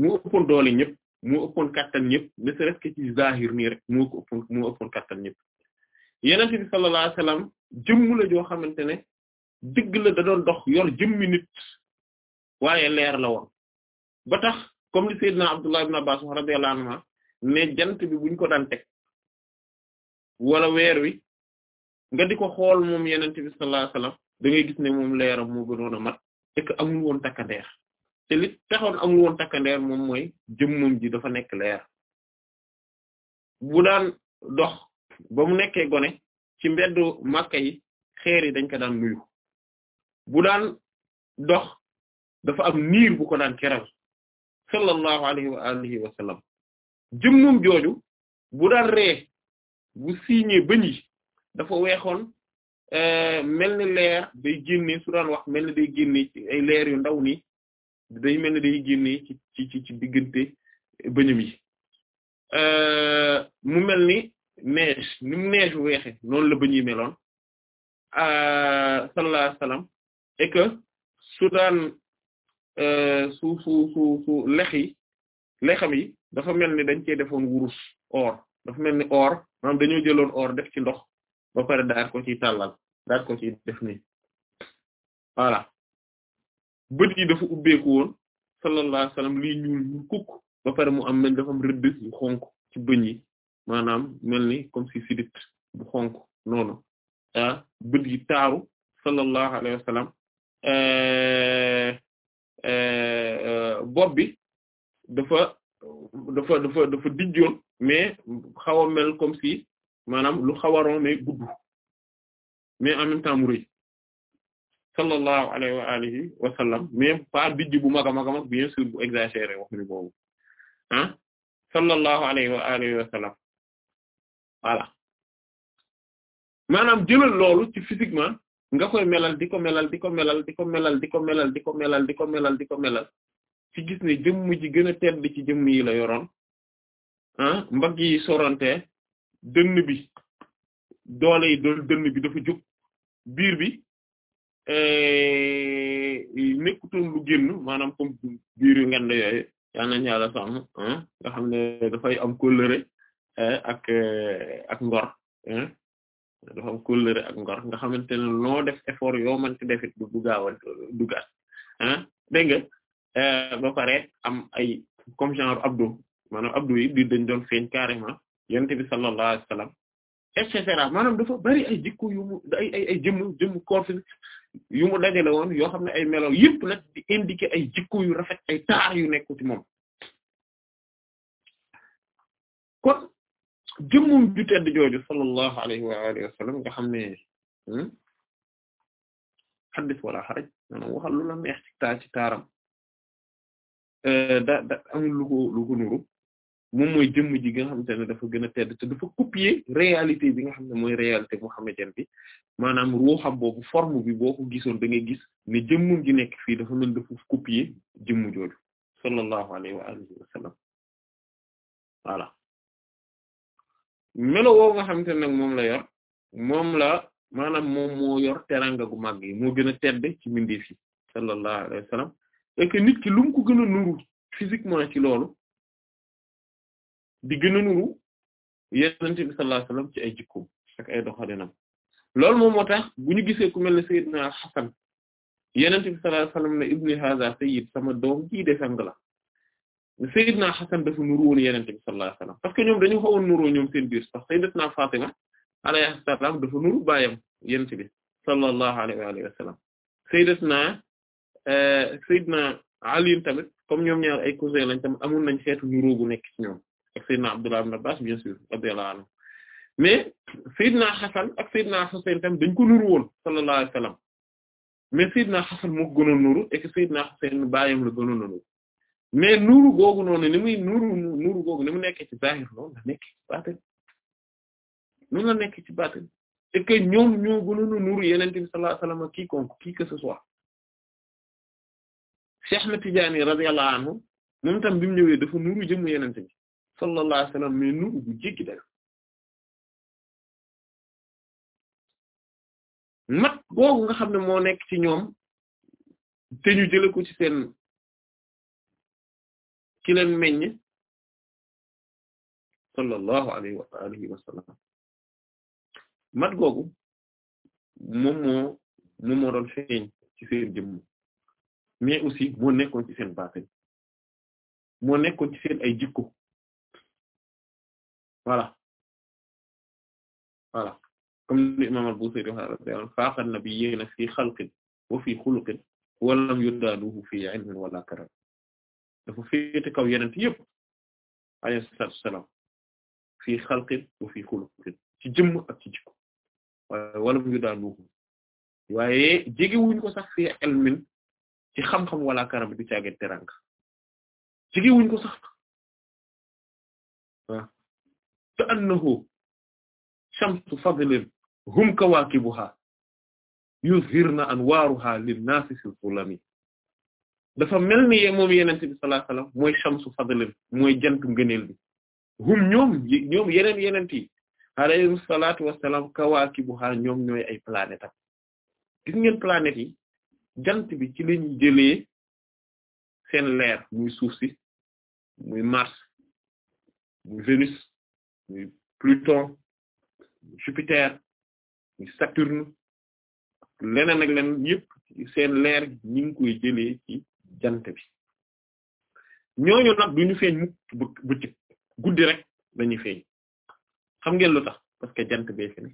mu ëppoon doole ñëpp mu ëppoon kattan ñëpp ne serait-ce ci zahir nii rek moo ko ëppoon moo ëppoon kattan ñëpp yonent bi sallallahu alayhi wasallam jëmm la joo xamante ne dëgg la da doon dox yor jëmmi nit waaye leer la comme li Seydina Abdullah ibn Abbas radiyallahu anhuma ne jant bi buñ ko daan teg wala weer wi nga di ko xool moom yenent bi sallallahu da ngay gis ne moom leeram moo gënoon a mat et que amul woon takkandeer te li taxoon amul woon takkandeer moom mooy jëmmam ji dafa nekk leer bu daan dox ba mu nekkee gone ci mbeddu Makka yi xeer yi dañ ko daan nuyu bu daan dox dafa am niir bu ko daan keral sallallahu alayhi wa alihi wa sallam jëmmum jooju bu daan ree bu siiñee bëñ yi dafa weexoon eh, mel ni leer day génnee su daan wax mel ni day génnee ay leer yu ndaw nii day mel ni day génnee ci ci ci ci diggante eh, mu mel ni neige ni mu neige weexe noonu la bëñ yi meloon eh, sallallahu alayhi wa sallam Euh, su su su su lex yi lexam yi dafa mel ni dañ cee defoon wurus or dafa mel ni or maanaam dañoo jëloon or def ci ndox ba pare daal ko ciy tàllal daal ko ciy def nii bët yi dafa ubbeeku woon sallallahu alayhi wasallam lii ñuul ba pare mu am mel dafa am rëdd yu xonk ci bëñ yi maanaam mel ni comme si sidit bu xonk noonu ah bët yi taaru sallallahu alayhi wasallam euh, bopp bi dafa dafa dafa dafa mais xaw mel comme si maanaam lu xaw a rond mais gudd mais en même temps mu rëy sallallahu alayhi mais pas dijj bu mag a mag bien sûr bu exagéré wax ni boobu ah sallallahu alayhi wa alihi wa sallam voilà loolu ci physiquement nga koy melal di ko melal di ko melal di ko melal di ko melal di ko melal di ko melal di ko melal ci gis ne jëmm ji gën a tedd ci jëmm yi la yoroon ah mbagg yi sorante dënn bi doole yi dool dënn bi dafa jóg biir bi eh, nekkutoon lu maanaam comme biir yu ngand yooyu yal nañu yàlla sàmm ah, nga xam ne dafay am kóllëre eh, ak eh, ak ngor dafa am kóllëre ak ngor nga xamante ne noo def effort yoo mënti defit du gaaw a dugaat ah dégg Euh, ba pare am ay comme genre abdo maanaam abdo yi biir dañ doon feeñ carrément yonent bi sallallahu alayhi wasallam et cetera maanaam dafa bari ay jikko yu mu ay ay ay jëmm jëmm corps yu mu dajale woon yoo xam ne ay melo yëpp nag di ay jikko yu rafet ay taar yu nekk ci moom kon jëmmum ju tedd jooju sallallahu alayhi wa alihi nga xam ne hmm, xaddis wala xaraj maanaam waxal la neex ci taar Euh, da da amul lu ko lu ko nuru moom mooy jëmm ji nga xamante ne dafa gën a tedd te dafa copier réalité bi nga xam ne mooy réalité mohammedienne bi maanaam ruuxam boobu forme bi boo ko gisoon da ngay gis ne jëmm gi nekk fii dafa mel dafa copier jëmm jooju sallallahu alayhi wa alihi wa sallam voilà nga xamante ne nag moom la yor moom la maanaam moom moo yor teranga gu mag yi moo gën a tedd ci mbindeef yi sallallahu wa sallam et nit ki lum mu ko gën a nuru physiquement ci loolu di gën a nuru yonent bi sallallahu alayhi wasallam ci ay jikkoom ak ay doxalinam moom moo tax bu ñu gisee ku mel ne Seydina Al-Hasan yonent bi sallallahu alayhi wasallam ne ibni haza kii de sang la Seydina Al-Hasan dafa nuru woon yonent bi sallallahu alayhi wasallam que ñoom dañu xawoon nuroo ñoom seen biir sax Sayyidatuna Fatima alayha salaam dafa nuru baayam yonent bi sallallahu alayhi wa sallam Sayyidatuna Euh, Seydina Ali tamit comme ñoom ñaar ay cousin lañ tamit amoon nañ xeetu niroo bu nekk ci ñoom ak Seydina Abdullah ibn Abbas bien sûr radiyallahu anhu mais Seydina Hasan ak Seydina Husayn tamit dañ ko nuru woon sallallahu alayhi wasallam mais Seydina Hasan la gënoon nuru mais nuru googu noonu ni muy nuru googu ni mu nekkee ci zahir noonu la nekk ci baatin ñoom ñoo nuru yeneen bi sallallahu alayhi quiconque qui que ce soit Cheikh na Tidiane radiyallahu anhu moom tam bi ñëwee dafa nuru jëmm yenente bi sallallahu mat googu nga xam ne moo nekk ci ñoom te ñu jële ko ci seen ki leen meññ sallallahu alayhi wa alihi wa sallam mat googu moom moo moom moo doon feeñ ci seen jëmm mais aussi moo nekkoon ci seen baatin moo nekkoon ci seen ay jikko voilà voilà comme ni imam al-Busiri wax faaqa nabiyyiina fi xalqin wa fi xuluqin wa lam yudaanuhu fi ilmin wala karam dafa féete kaw yeneen yëpp alayhi salaatu wassalaam fi xalqin wa fi xuluqin ci jëmm ak ci jikko waaye walam yudaanuhu waaye jegewuñ ko sax fi ilmin ci xam-xam wala karam du caagin teraanga jege wuñ ko sax waaw te annahu shamsu fadlin hum kawaakibuha yuzhirna anwaruha linnaasi fi zulami dafa mel ni moom yenente bi sallallahu alayhi wasallam mooy shamsu fadlin mooy jantu ngëneel bi hum ñoom ñoom yeneen yenent yi alayhi salaatu wassalaam kawaakibuha ñoom ñooy ay planète am ngeen planètes jant bi ci lañuy jëlee seen leer muy suuf si muy Mars muy Vénus muy Pluton muy Jupiter muy Saturne leneen ak leneen yëpp seen leer ñi ngi koy jëlee ci jant bi ñooñu nag duñu feeñ mukk bëccëg guddi rek dañuy feeñ xam ngeen lu tax parce jant bee fi ne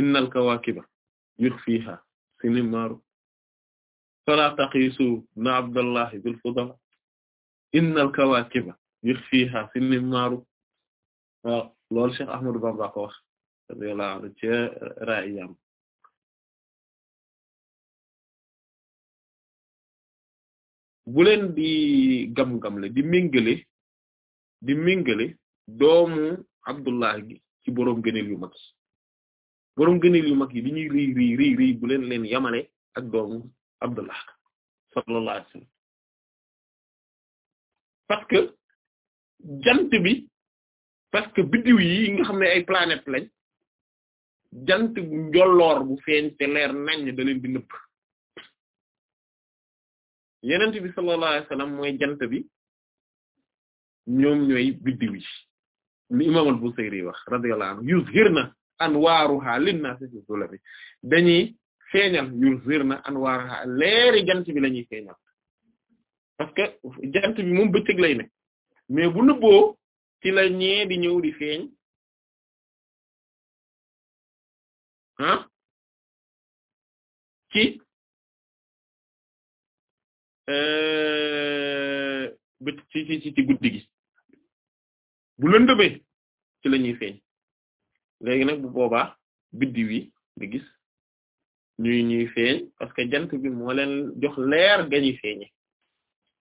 innal kawaakiba yurfiha sinimaaru fala taqiisu na abdallahi bil fudala innal kawaakiba yukhfiha sinimaaru waaw loolu Cheikh Ahmadou Bamba ko wax radiyallahu anhu ci raayam bu leen di gam-gamle di méngale di méngale doomu abdullahi ci boroom gëneel yu boroom gëneel yu mag yi li ñuy riy bu leen leen yamale ak doomu Abdullah parce que jant bi parce que biddiw yi nga xam ne ay planète lañ jant bu njolloor bu feeñ te leer naññ da bi di yenent bi sallallahu alayhi wasallam mooy jant bi ñoom ñooy biddiw yi li imam al-Busayri wax radiyallahu anhu yuzhirna anwaaruha linnaasi fi zulami dañuy feeñal yuzhirna anwaaruha leeri jant bi la ñuy feeñal parce que jant bi moom bëccëg lay ne mais bu nëbboo ci la ñee di ñëw di feeñ ah ci euh, bë ci ci ci guddi bu lëndëmee ci la ñuy feeñ léegi nag bu boobaa biddiwi yi di gis ñuy ñuy feeñ parce que jant bi moo leen jox leer ga ñuy feeñe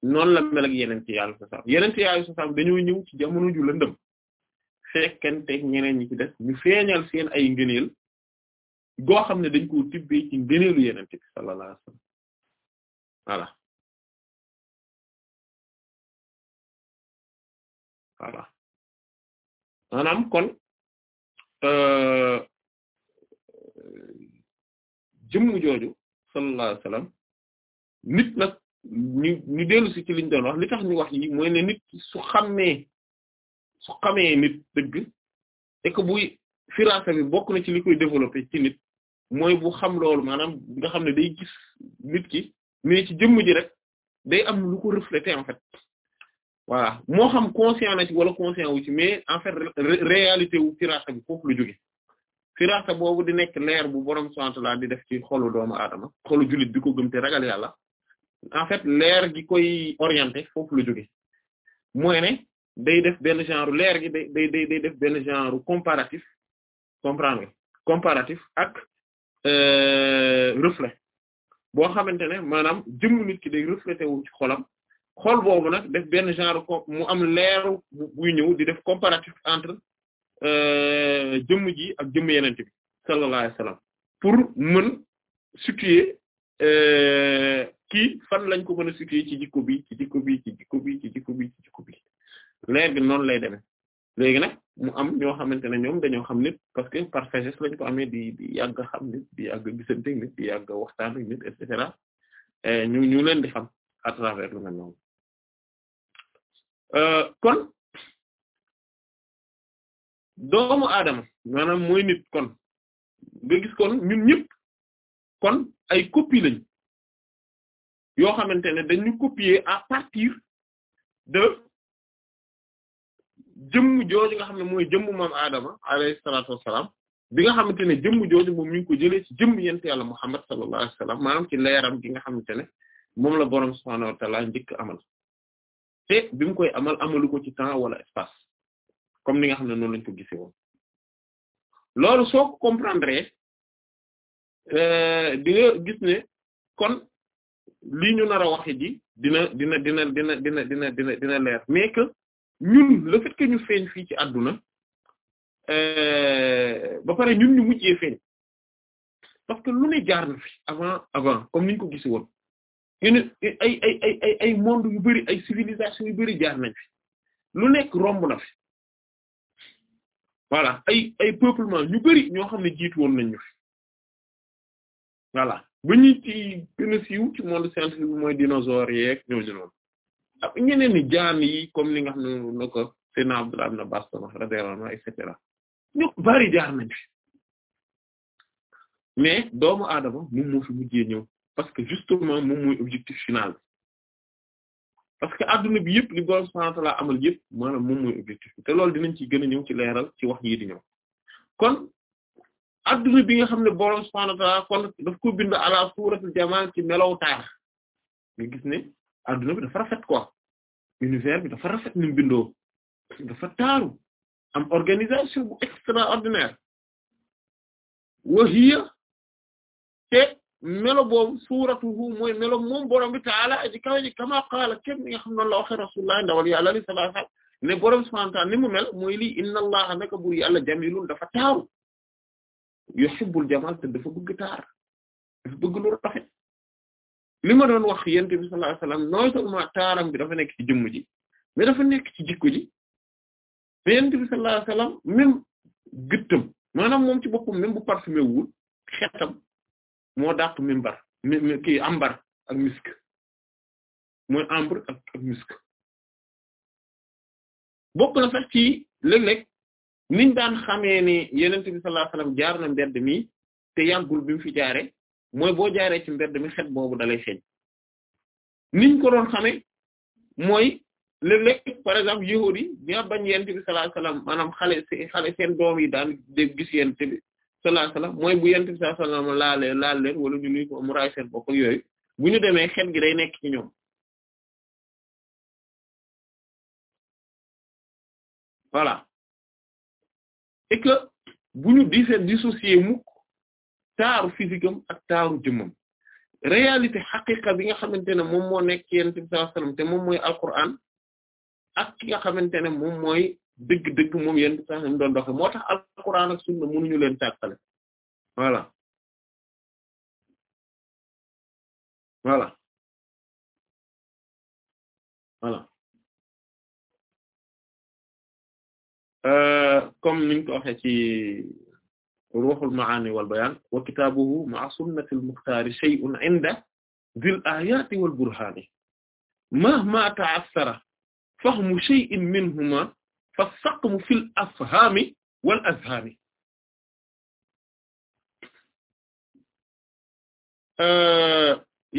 la hmm. mel ak yeneen ci yàlla sa sam yeneen ci yàlla sa sam dañoo ñëw jamono ju lëndëm fekkente ñeneen ñi ci des ñu feeñal seen ay ngëneel goo xam ne dañ koo tibbee ci ngëneelu yeneen ci sallallahu alayhi kon Eh, jëmm jooju sallallahu alayhi wasallam nit nag ñu ñu dellu ci liñ doon wax li tax ñu wax yi mooy ne nit su ne su xamee nit dëgg et que buy firaasa bokk na ci li koy développer ci nit mooy bu xam loolu maanaam nga xam ne day gis nit ki mais ci jëmm ji rek day am lu ko refléter en fait voilà moo xam conscient na ci wala conscient wu ci mais en fait réalité wu firasa bi foofu la boobu di nekk leer bu borom sant la di def ci xolu doomu aadama xolu jullit bi ko gëm te ragal yàlla en fait leer gi koy orienté foofu la jóge mooy day def benn genre leer gi day day day def benn genre comparatif comprendre comparatif ak euh, reflet boo xamante ne maanaam jëmm ki day reflété wu xolam xool boobu nag def benn genre mu am leeru guy ñëw di def comparatif entre euh, jëmm ji ak jëmm yenente bi sallallahu pour mën situer euh, kii fan lañ ko mën a situer ci jikko bi ci jikko bi ci jikko bi ci jikko bi ci bi leer gi noonu lay demee léegi nag mu am ñoo xamante ne ñoom dañoo xam nit parce que par sagesse lañ ko amee di di xam nit di yàgg gisante nit di yàgg waxtaan ak nit et cetera euh, ñu ñu leen di xam à travers lu mel noonu Euh, kon doomu aadama maanaam mooy nit kon nga gis kon ñun ñëpp kon ay copie lañ yoo xamante ne dañu copier à partir de jëmm jooju nga xam ne mooy jëmm maam aadama alayhi salaatu wassalaam bi nga xamante ne jëmm jooju moom mi ngi ko jëlee ci jëmm yent yàlla Muhammad sallallahu alayhi wasallam maanaam ci leeram gi nga xamante ne moom la boroom subhaanahu wa ta'aala njëkk amal te bi mu koy amal amalu ko ci temps wala espace comme ni nga xam ne noonu lañ ko gisee woon loolu soo ko comprendre euh, di nga gis ne kon lii ñu nar a dina dina dina dina dina dina dina dina leer mais que ñun le fait que ñu feeñ fii ci àdduna euh, ba pare ñu mujjee parce que lu ne jaar na fi avant avant comme niñ ko gisi woon une ay ay ay monde yu bari ay civilisation yu bari jaar fi lu nekk romb na fi voilà ay ay peuplement yu bari ñoo xam ne jiitu woon nañ ñu fi voilà ba ñu ci gën a siiw monde scientifique mooy dinosaures yeeg ñoo ñu noonu ak ñeneen ni jaan yi comme li nga xam ne na ko Seydina na ibn Abbas radiyallahu et cetera ñu bari jaar fi mais doomu aadama moom moo fi mujjee ñëw parce que justement moom mooy objectif parce que adduna bi yëpp li borom subhaanahu amal yëpp maanaam moom mooy objectif te loolu dinañ ci gën a ñëw ci leeral ci wax yii di ñëw kon adduna bi nga xam ne borom subhaanahu wa ta'aala kon daf ko bind ala suuratul jamaal melow taar nga gis ne bi dafa rafet quoi univers bi dafa rafet ni mu dafa taaru am organisation bu extraordinaire wa te melo boobu suuratuhu mooy melo moom borom bi taala aji kawe ji kama qaala képp mi nga xam noonu la waxe rasulullah ndawal yàlla li sallallahu ne borom subhanahu wa ta'ala ni mu mel mooy lii inna allaha naka bur yàlla jamilun dafa taaru yuhibbul jamal te dafa bëgg taar dafa bëgg lu doon wax yent bi sallallahu bi dafa nekk ci jëmm ji mais dafa nekk ci jikko ji mais yent bi sallallahu alayhi wasallam moom ci boppam même bu parfumé xetam moo dàq mimbar mi kii ambar ak misk mooy ambre ak misk bokk na sax ci léeg-léeg niñ daan xamee ni yenent bi sallallahu alayhi wasallam mbedd mi te yàggul bi mu fi jaare mooy boo jaaree ci mbedd mi xet boobu dalay xeeñ niñ ko doon xamee mooy léeg-léeg exemple yahuudi yi ñoo bañ yenent bi sallallahu alayhi wasallam maanaam xale xale seen doom yi daan dégg gis yenent sallallahu alayhi mooy bu yonent bi sallallahu alayhi wasallam laalee wala ñu nuyu ko mu raay seen bopp yooyu bu ñu demee xet gi day nekk ci ñoom voilà et que bu ñu di seen mukk taaru physique ak taaru jëmmam réalité xaqiqa bi nga xamante ne moom moo nekk ci yonent bi sallallahu te moom mooy Alquran ak ki nga xamante ne moom mooy dëgg-dëgg moom yéen sax ñu doon doxe moo tax alquran ak sunna mënuñu leen tàqale voilà voilà voilà euh, comme niñ ko waxee ci ruhul ma wal bayan wa kitaabuhu ma'a sunnatil muxtaari shay'un inda dil ayaati wal burhaani mahma ta'assara fahmu shay'in minhuma fa saqmu fil afhami wal azhami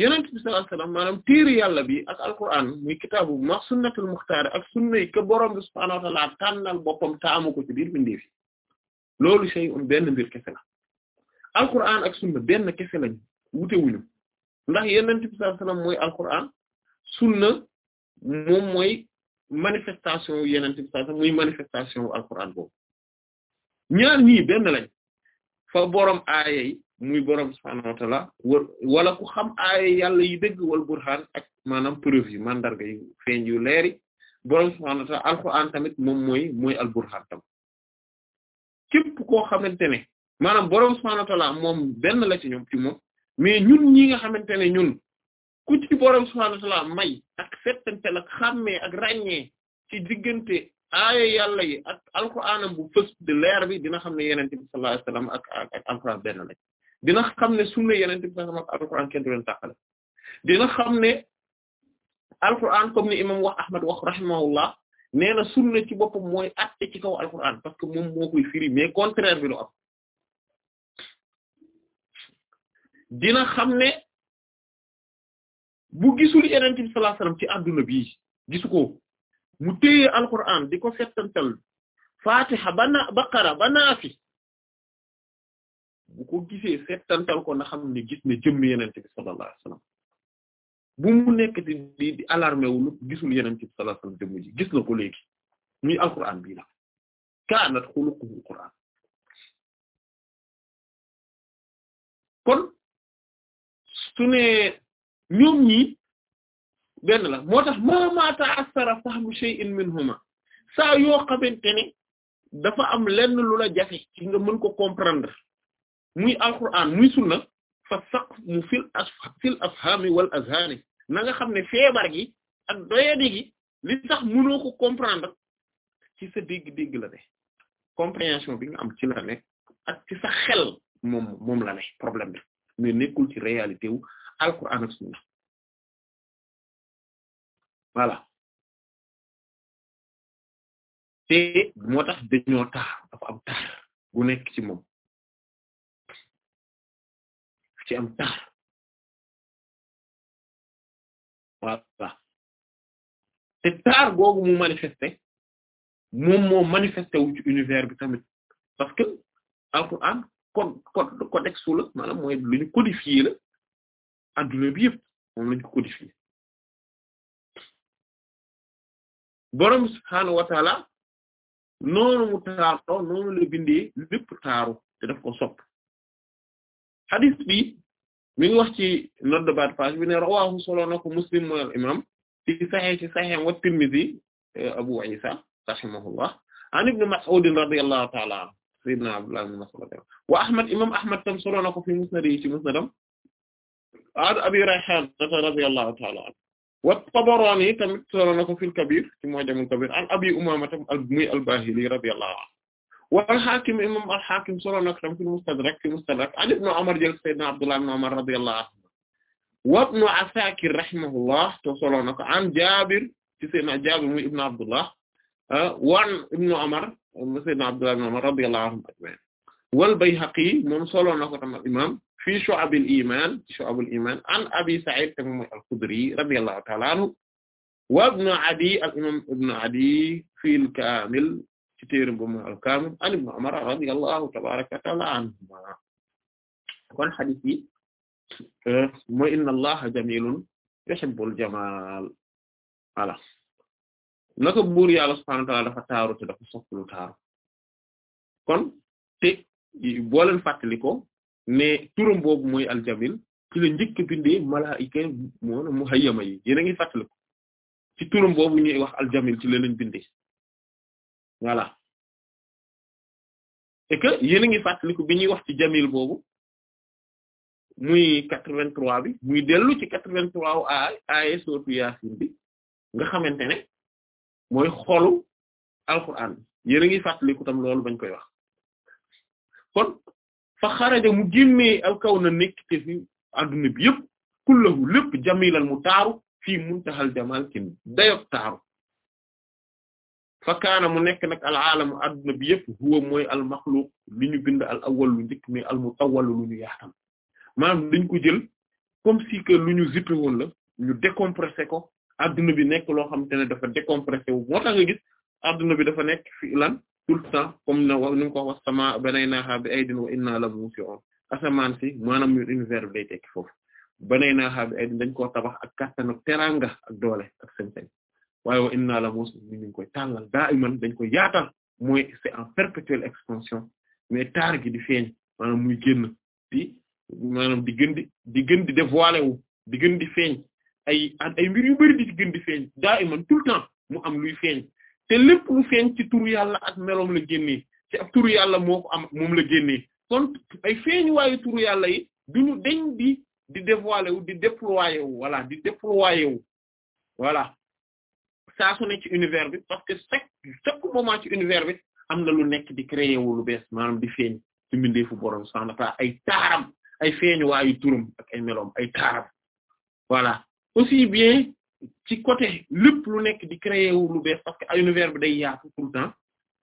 yenent bi sallallahu alayhi wasallam yàlla bi ak alquran muy kitaabu ma sunnatul muxtaar ak sunna ke borom bi subhaanahu wa ta'ala tànnal taamu ko ci biir bindee fi loolu shay'un benn mbir kese la alquran ak sunna benn kese lañ wute wuñu ndax yenent bi sallallahu alayhi wasallam mooy sunna moom manifestation wu yeneen bi sax muy manifestation wu alquran boobu ñaar ñii benn lañ fa borom aaya yi muy borom subhaanahu wa ta'ala wala ku xam aaya yàlla yi dëgg wal burhan ak maanaam preuve yi mandarga yi feeñ yu leeri borom subhaanahu wa tamit moom mooy mooy al burhan tam képp koo xamante ne maanaam borom subhaanahu wa ta'ala moom benn la ci mais ñun ñi nga xamante ne ku ci borom a wa ta'aala may ak settantel ak xàmmee ak ràññee ci diggante aaya yàlla yi ak alquraanam bu fës de leer bi dina xam ne yenente bi sallallahu alayhi wasallam ak benn lañ dina xam ne sunna yenente bi sallallahu alayhi wasallam ak alquraan kenn dina xam ne alquraan comme ni imam wax Ahmad wax rahimahullah nee na sunna ci boppam mooy àtte ci kaw alquraan parce que moom moo koy firi mais contraire bi lu am dina xam ne bu gisul yeneen bi sallallahu alayhi ci adduna bii gisu ko mu téye alquran di ko settantal fatiha ba na baqara ba naafi bu ko gisee settantal ko na xam ne gis ne jëmm yeneen bi sallallahu alayhi bu mu nekk di di gisul yeneen bi sallallahu alayhi wasallam jëmm gis na ko léegi muy alquran bii la kaanat xuluquhu alquran kon su ne ñoom ñii benn la moo tax ma ta'assara fahmu shay'in minhuma saa yoo xamante ne dafa am lenn lu la jafe ci nga mën ko comprendre muy alquran muy sunna fa saqmu fil fil afhami wal azhani na xam ne feebar gi ak doyadi li tax mënoo ko comprendre ci sa dégg-dégg la ne compréhension bi nga am ci la ne ak ci sa xel moom la ne problème bi mais nekkul ci réalité wu alquran ak sunna voilà te moo tax dañoo taar am taar bu nekk ci moom ci am taar voilà te taar googu mu manifesté moom moo manifesté wu ci univers bi tamit parce que alquran code code codex la maanaam mooy lu ñu codifié adduna bi yëpp moom lañ ko codifié borom wa taala noonu mu taaroo noonu la bindee lépp taaru te daf ko sopp xadis bi mi wax ci note de bas de page bi solo na ko muslim mooy al ci saxee ci saxee wa Tirmidhi eh, Abu Isa rahimahullah an ibn Mas'ud radiyallahu ta'ala anhu wa Ahmad imam Ahmad tam solo na ko fi musnad yi ci musnadam an Abi Rayhan radiyallahu ta'ala anhu wa Tabarani tamit solo na ko fil Kabir ci Mu'jamul Kabir an Abi Umama tam muy al-Bahili radiyallahu anhu wa al-Hakim imam al-Hakim solo na ko tam fil Mustadrak ci Mustadrak an Ibn Umar jël Sayyidina Abdullah ibn Umar radiyallahu anhu wa Ibn Asakir rahimahullah to solo na ko an Jabir ci Sayyidina Jabir muy Ibn Abdullah ah, wan Ibn Umar Sayyidina Abdullah ibn Umar radiyallahu anhum ajma'in wal Bayhaqi moom solo na ko tam al-Imam fii shu'abil iman an abi sa'id te moom al-Khudri radiyallahu ta'ala wa ibn Adi ak ibn Adi fi kamil ci téeram ba al-Kamil an ibn Umar radiyallahu tabaraka ta'ala anhuma kon hadith yi mooy inna allaha jamilun yuhibbul jamal voilà naka buur yàlla subhanahu wa ta'ala dafa taaru te dafa sopp lu kon te boo leen mais turam boobu mooy aljabil ci la njëkk bindee malaayika moona muhayyama yi yéen a ngi fàttaliku ci turam boobu ñuy wax aljamil ci la leen bindee voilà et que a ngi fàttaliku bi ñuy wax ci jamil boobu muy 83 bi muy dellu ci 83 wu ay sootu yaasin bi nga xamante ne mooy xolu alquran bi yéen a ngi fàttaliku tam loolu bañ koy wax kon fa xaraja mu génnee al kaw na nekk te fi adduna bi yëpp kullahu lépp jamilan mu taaru fii muntaxal jamal ci dayok taaru fa kaana mu nekk nag al alamu adduna bi yëpp mooy al maxluq li ñu bind al awwal lu njëkk mais al mutawwal lu ñu yaatam maanaam dañ ko jël comme si que lu ñu zippé woon la ñu décompressé ko adduna bi nekk loo xam ne dafa décompressé wu moo tax nga gis adduna bi dafa nekk fi lan tout le temps comme na wa ni mu ko wax sama banaynaha bi aydin wa inna la musi'un asamaan si maanaam ñun univers bi day tekki foofu banaynaha bi aydin dañ ko tabax ak kàttan ak teraanga ak doole ak sañ-sañ waaye wa inna la musi'un ñu ngi koy tàllal daiman dañ koy yaatal mooy c'est en perpétuelle expansion mais taar gi di feeñ maanaam muy génn di maanaam di gën di di di wu di gën di feeñ ay ay mbir yu bari di gën di feeñ daiman tout temps mu am luy feeñ te lépp lu feeñ ci turu yàlla ak meloom la génnee ci ab turu yàlla moo am moom la génnee kon ay feeñ waayu turu yàlla yi duñu deñ di di dévoiler wu di déployer wu voilà di déployer wu voilà saa su ne ci univers bi parce que chaque chaque moment ci univers bi am na lu nekk di créer wu lu bees maanaam di feeñ ci mbindeefu borom subhaanahu wa ta'aala ay taaram ay feeñ waayu turam ak ay meloom ay taaram voilà aussi bien ci côté lépp lu nekk di créer wu lu bees parce que univers bi day yaatu tout le temps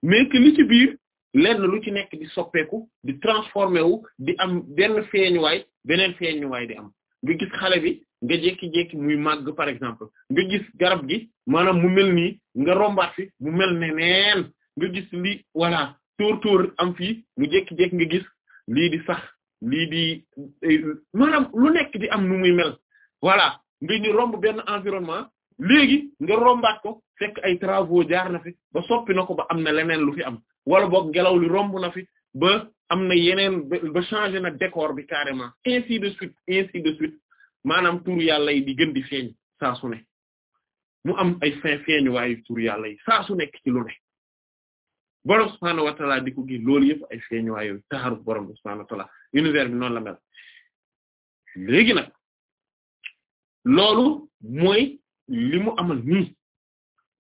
mais que li ci biir lenn lu ci nekk di soppeeku di transformé wu di am benn feeñuwaay beneen feeñuwaay di am nga gis xale bi nga jékki-jékki muy màgg par exemple nga gis garab gi maanaam mu mel nii nga rombaat fi mu mel ne neen nga gis lii voilà tour tóor am fii mu jékki-jékki nga gis lii di sax lii di maanaam lu nekk di am nu muy mel voilà nga ñu romb benn environnement léegi nga rombaat ko fekk ay travaux jaar na fi ba soppi na ko ba am na leneen lu fi am wala boog ngelaw li romb na fi ba am na yeneen ba changé na décor bi carrément ainsi de suite ainsi de suite maanaam tur yàlla yi di gën di feeñ saa su ne mu am ay fin feeñ waayu tur yàlla yi saa su nekk ci lu ne borom subhaanahu wa ta'ala di ko gi loolu yëpp ay feeñ waayu taaru borom subhaanahu wa ta'ala univers bi noonu la mel léegi nag. loolu mooy li mu amal nii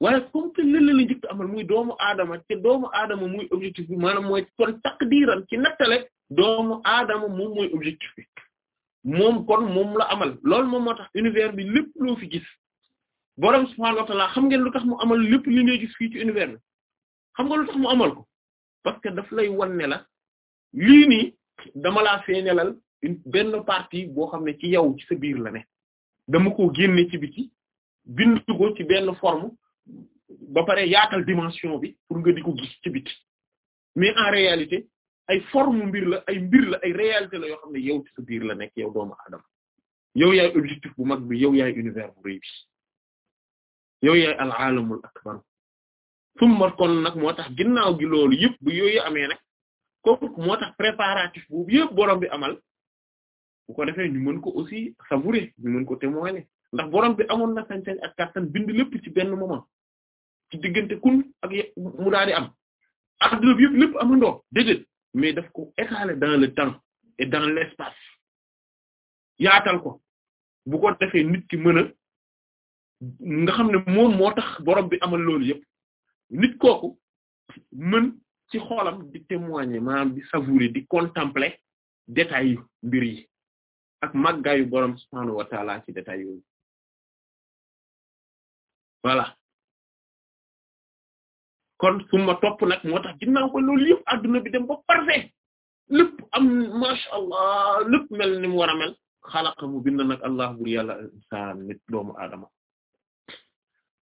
waaye comme que lële la njëkk amal muy doomu aadama te doomu aadama muy objectif bi mooy kon takdiiram ci nattale doomu aadama moom mooy objectif bi moom kon moom la amal loolu moom moo tax univers bi lépp loo fi gis boroom subhaanahu wa xam ngeen lu tax mu amal lépp li ngay gis fii ci univers bi xam nga lu tax mu amal ko parce daf lay wan ne la lii nii dama laa feeñalal benn partie boo xam ne ci yow ci sa biir la ne dama ko génne ci biti bind ko ci benn forme ba pare yaatal dimension bi pour nga di ko gis ci biti mais en réalité ay forme mbir la ay mbir la ay réalité la yoo xam ne yow ci sa biir la nekk yow doomu aadama yow yaay objectif bu mag bi yow yaay univers bu rëy bi yow yaay al alamul akbar kon nag moo tax ginnaaw gi loolu yëpp bu yooyu amee nag kooku moo tax préparatif boobu yëpp borom bi amal bu ko defee ñu mën ko aussi savourer ñu ko témoigner ndax borom bi amoon na sañ-sañ ak bind lépp ci benn moment ci diggante kun ak mu daal am adduna bi yëpp lépp amandoo déedéet mais daf ko étaler dans le temps et dans l'espace yaatal ko bu ko defee nit ki mën nga xam ne moom moo tax borom bi amal loolu yëpp nit kooku mën ci xoolam di témoigner maanaam di savourer di contempler détails yu mbir yi ak màggaayu boroom subhaanahu wa taala ci détail yooyu voilà kon suma topp nag moo tax ginnaaw ko loolu yëpp adduna bi dem ba parfait lépp masha allah lépp mel ni mu mel xalaqa mu bind nag allah bur yàlla insaan nit doomu aadama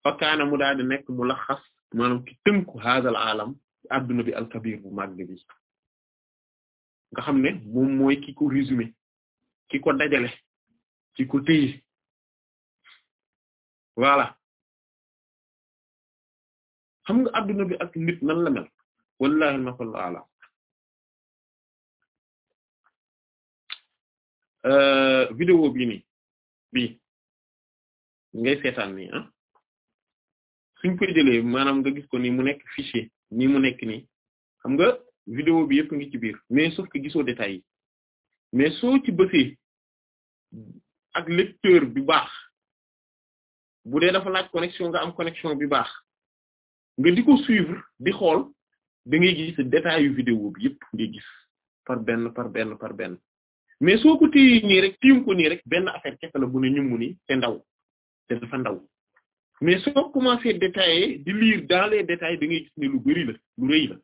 fakkaana mu daal di nekk mu laxas maanaam ki tënku haazal alam adduna bi alkabir bu màgg bi nga xam ne moom mooy ki résumé ki ko dajale ki ko téye xam nga adduna bi ak nit nan la mel wallahi al-masal ala euh, vidéo bii nii ngay seetaan nii ah suñ koy jëlee maanaam nga gis ko nii mu nekk fichier nii mu nekk nii xam nga vidéo bi yëpp ngi ci biir mais sauf que gisoo détails mais soo ci bësee ak lecteur bi baax bu dee dafa laaj connexion nga am connexion bi baax nga di ko suivre di xool da ngay gis détail yu bi yëpp ngay gis par benn par benn par benn mais soo ko téye nii rek tiim ko nii rek benn affaire kese la bu ne ñëmmu ni te ndaw te dafa ndaw mais soo commencé détailler di lire dans les détails gis ne lu bari la lu rëy la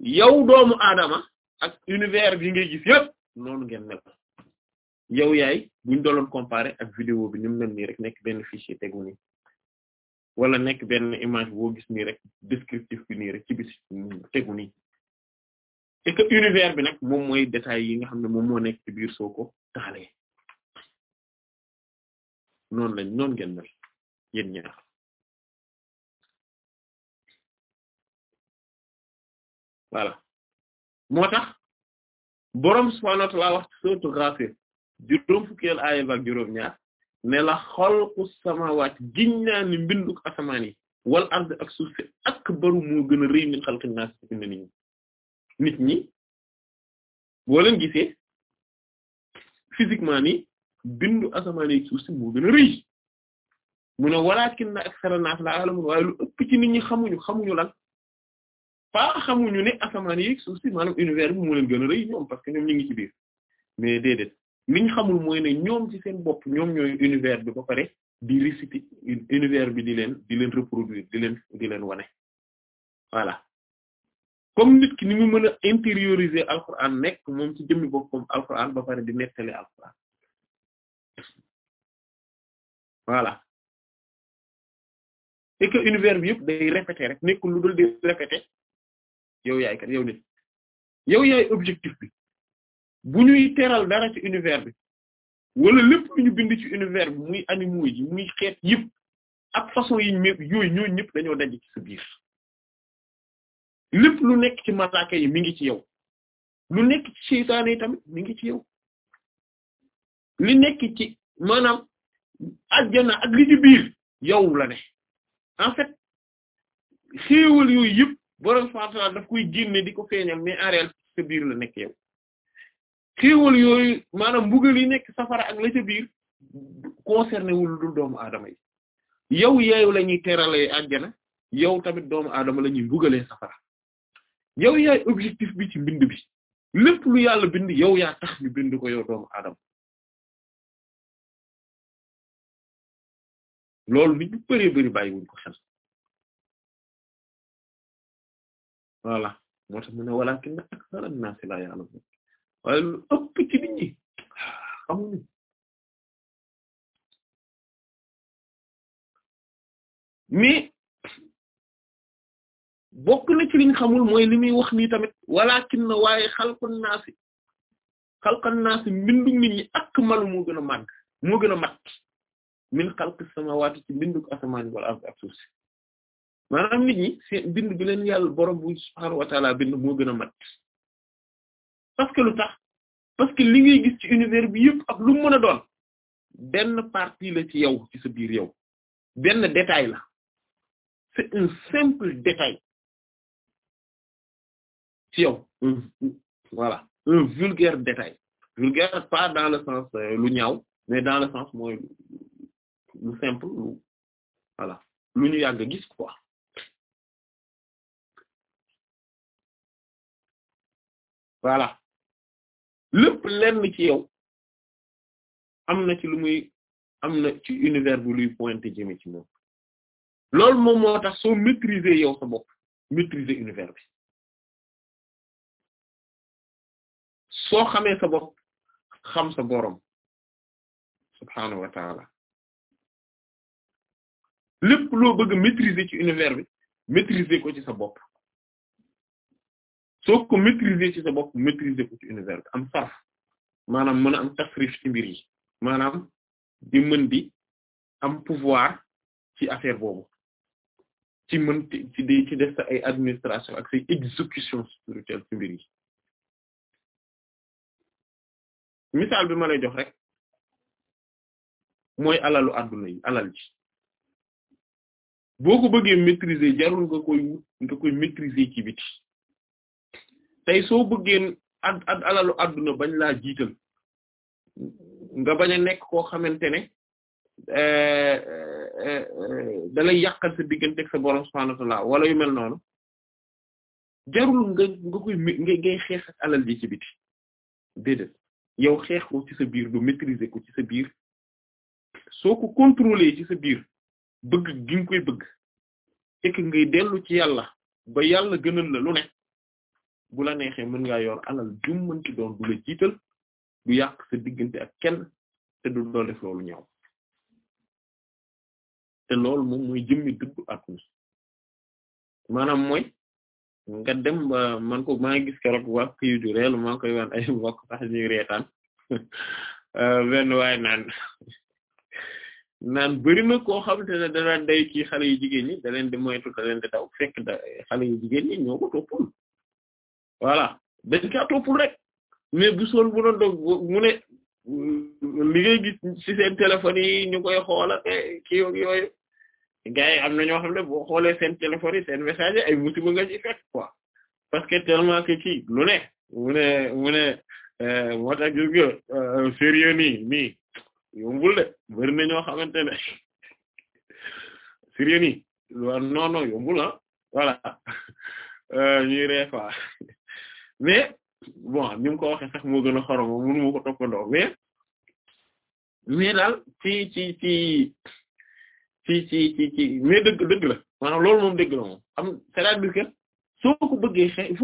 yow doomu aadama ak univers yi ngay gis yëpp noonu ngeen mel yow yaay buñ dooloon comparer ak vidéo bi ni mu mel nii rek nekk benn fichier tegu nii wala nekk benn image boo gis nii rek descriptif bi nii rek ci bis tegu nii et que bi nag moom mooy détails yi nga xam ne moom moo nekk ci biir soo ko taalee noonu lañ noonu ngeen mel yéen ñaar voilà moo tax borom subhaanahu wa ta'aala wax ci sourate Ghaafir juróom fukkeel aaya ba ak juróom ñaar ne la xalqu samaawaat giñ naa ni mbinduk asamaan wal ard ak suuf si akbaru moo gën a min xalqi naas nit ñi nit ñi boo leen gisee physiquement ni bindu asamaan yi suuf si moo gën a rëy mu ne walaakinna naas laa ya'lamuun waaye lu ëpp ci nit xamuñu xamuñu lan pas xamuñu ne asamaan yi suuf si bi moo leen gën a rëy ñoom parce ci biir mais déedéet li ñu xamul mooy ne ñoom seen bopp ñoom ñooy univers bi ba pare di réciter univers bi di leen di leen reproduire di leen di leen wane voilà comme nit ki ni mu mën a intérioriser alquran nekk moom ci jëmmi boppam alquran ba pare di nettali alquran voilà et que univers yëpp day répéter rek nekkul lu dul di yow yaay kat yow objectif bi bu ñuy teral dara ci univers bi wala lépp ñu bind ci univers bi muy animaux muy xeet yëpp ak façon yi ñëpp yooyu ñëpp dañoo daj ci sa biir lépp lu nekk ci malaaka yi mi ngi ci yow lu nekk ci seytaane tamit mi ngi ci yow li nekk ci maanaam ajjana ak li ci biir yow ne en fait xéewal yooyu yëpp borom subhaanahu wa daf koy génne di ko feeñal mais en réalité biir la nekk yow xéewal yooyu maanaam mbugal yi nekk safara ak la ca biir concerné wul dul doomu aadama yi yow yeeyu lañuy ñuy teralee àjjana yow tamit doomu aadama la ñuy mbugalee safara yow yaay objectif bi ci mbind bi lépp lu yàlla bind yow yaa tax ñu bind ko doomu aadama loolu nit ñu bëree bëri bàyyi ko xel voilà moo tax mu ne walaakinna aksara an-naasi laa ya'lamuun waaye lu ëpp ci nit ñi xamuñu bokk na ci xamul mooy li muy wax nii tamit walaakinna waaye xalqun naasi xalqan naasi mbindu nit ak malu moo gën a màgg moo gën a mat min xalqis ak suuf maanaam nit ñi seen bind bi leen yàlla borom bu subhaanahu wa bind moo gën a mat parce que lu tax parce que li ngay gis ci univers bi yëpp lu mu mën a doon benn partie la ci yow ci sa biir yow benn détail la c'est un simple détail ci yow voilà un vulgaire détail vulgaire pas dans le sens euh, lu ñaaw mais dans le sens mooy lu simple lu voilà lu ñu yàgg gis quoi voilà lépp lenn ci yow am na ci lu muy am na ci univers bu luy pointé jëme ci moom loolu moom moo tax soo maîtriser yow sa bopp maîtriser univers bi soo xamee sa bopp xam sa boroom subhaanahu wa taala loo bëgg maîtriser ci univers bi maîtriser ko ci sa bopp soo ko maîtriser ci sa bopp maîtriser ko am sarf maanaam mën a am tasrif ci mbir yi maanaam di mën di am pouvoir ci affaire boobu ci mën ci di ci def sa ay administration ak say exécution spirituelle ci mbir yi misaal bi jox rek mooy alalu adduna yi alal ji boo ko bëggee maîtriser jarul nga koy nga koy maîtriser ci biti tey soo bëggee alalu adduna bañ laa jiital nga bañ a nekk koo xamante ne eh, eh, eh, da lay yàqal sa sa borom subhaanahu wa wala yu mel noonu jarul nga nga koy nga ngay xeex ak alal ji ci biti déedéet yow xeex ko ci sa biir du maîtriser ko ci sa biir soo ko contrôler ci sa biir bëgg gi koy bëgg et que ngay dellu ci yàlla ba yàlla gënal la lu ne bu la neexee mën ngaa yor alal jummanti doon du la jiital du yàq sa diggante ak kenn te du doo def loolu ñaaw te loolu moom mooy jëmmi dëgg àdduna maanaam mooy ga dem ba man ko maa ngi gis keroog wàq yu du réel maa ngi koy wan ay mbokk sax ñuy reetaan [laughs] benn waaye naan naan bëri na koo xamante ne danaa day kii xale yu jigéen ñi da leen di moytu da leen daw fekk da xale yu jigéen ñi ñoo ko toppul voilà dañ kaa toppul rek mais bu soon bu doon dog mu ne li ngay seen téléphone yi ñu koy xoola eh, kii yoog yooyu gars yi am na ñoo xam ne boo xoolee seen téléphone yi seen message ay musiba nga ci fekk quoi parce que tellement que kii lu ne mu ne mu ne euh, moo tax gis nga euh, sérieux de bari na ñoo xamante ne [laughs] sérieux nii non non yombul ah voilà [laughs] euh, ñuy ree quoi [laughs] mais bon ni mu ko waxee sax moo gën a xoroma mënu ma ko toppandoo mais mais daal ci ci ci ci ci ci dëgg dëgg la maanaam loolu moom dëgg la moom am c'est-à-dire que soo ko bëggee xeex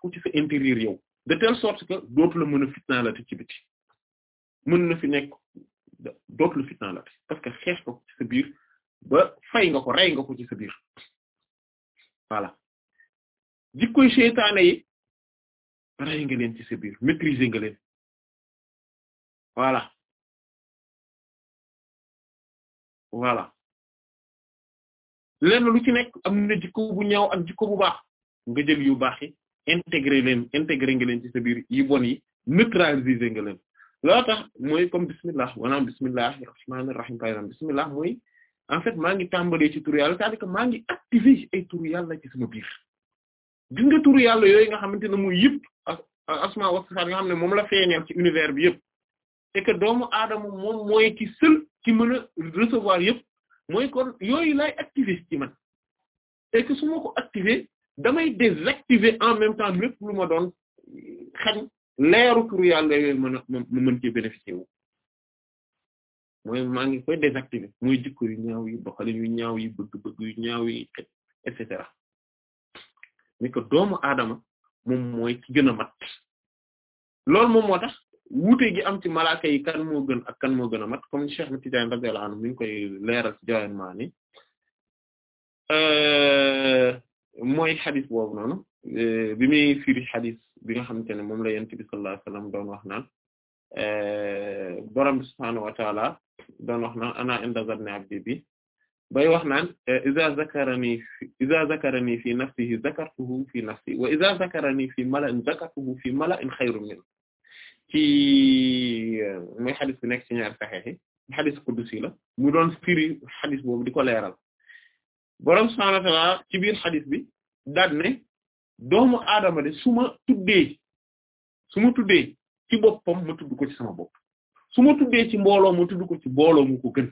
ko ci sa intérieur yow de telle sorte que dootu la mën a fitnaa la te ci mën na fi nekk dootu la fitnaa la parce que xeex ko ci sa biir ba fay nga ko rey nga ko ci sa biir voilà jikkoy seytaane yi rey nga leen ci sa biir maîtriser nga leen voilà voilà lenn lu ci nekk am na jikko bu ñaaw ak jikko bu baax nga jël yu baax yi intégrer leen intégrer nga leen ci sa biir yi bon yi neutraliser nga leen tax mooy comme bismillah wanaam bismillah rahmaanir rahiim par exemple mooy en fait maa ngi tàmbalee ci tur yàlla c'est-à-dire que ngi activer ay tur yàlla ci sama biir gis nga turu yàlla yooyu nga xamante ne mooy yëpp asma wa sifaat nga xam ne moom la feeñal ci univers bi yëpp et que doomu aadama moom mooy ki seul ki mën recevoir yëpp mooy kon yooyu lay activer ci man et que ko activer damay désactiver en même temps lépp doon xañ leeru turu yàlla yooyu mën a ma mën cee bénéficier wu mooy maa ngi koy désactiver mooy jikko yu ñaaw yi doxalin yu ñaaw yi bëgg-bëgg ni ko doomu aadama moom mooy ki gën a mat loolu moom moo tax gi am ci malaaka yi kan moo gën ak kan moo gën a mat comme Cheikh Ahmed Tidiane radiyallahu anhu mi ngi koy leeral ci Jawâhirul Ma'âni euh, mooy xadis boobu noonu euh, bi muy firi xadis bi nga xamante ne moom la yonent bi sallallahu alayhi wasallam doon wax naan euh, borom bi subhaanahu wa ta'ala doon wax naan ana bay wax naan eh, iza zakarani iza zakarani fi nafsihi zakartuhu fi nafsi wa iza zakarani fi mala'in zakartuhu fi mala'in xayrun min ci eh, mooy xadis bi nekk ci ñaar saxeex yi xadis qudsi la mu doon firi xadis boobu di ko leeral boroom subhaanahu wa ta'aala ci biir xadis bi daat ne doomu aadama de su ma tuddee su ma tuddee ci boppam ma tudd ko ci sama bopp su ma tuddee ci mbooloo ma tudd ko ci mbooloo mu ko gën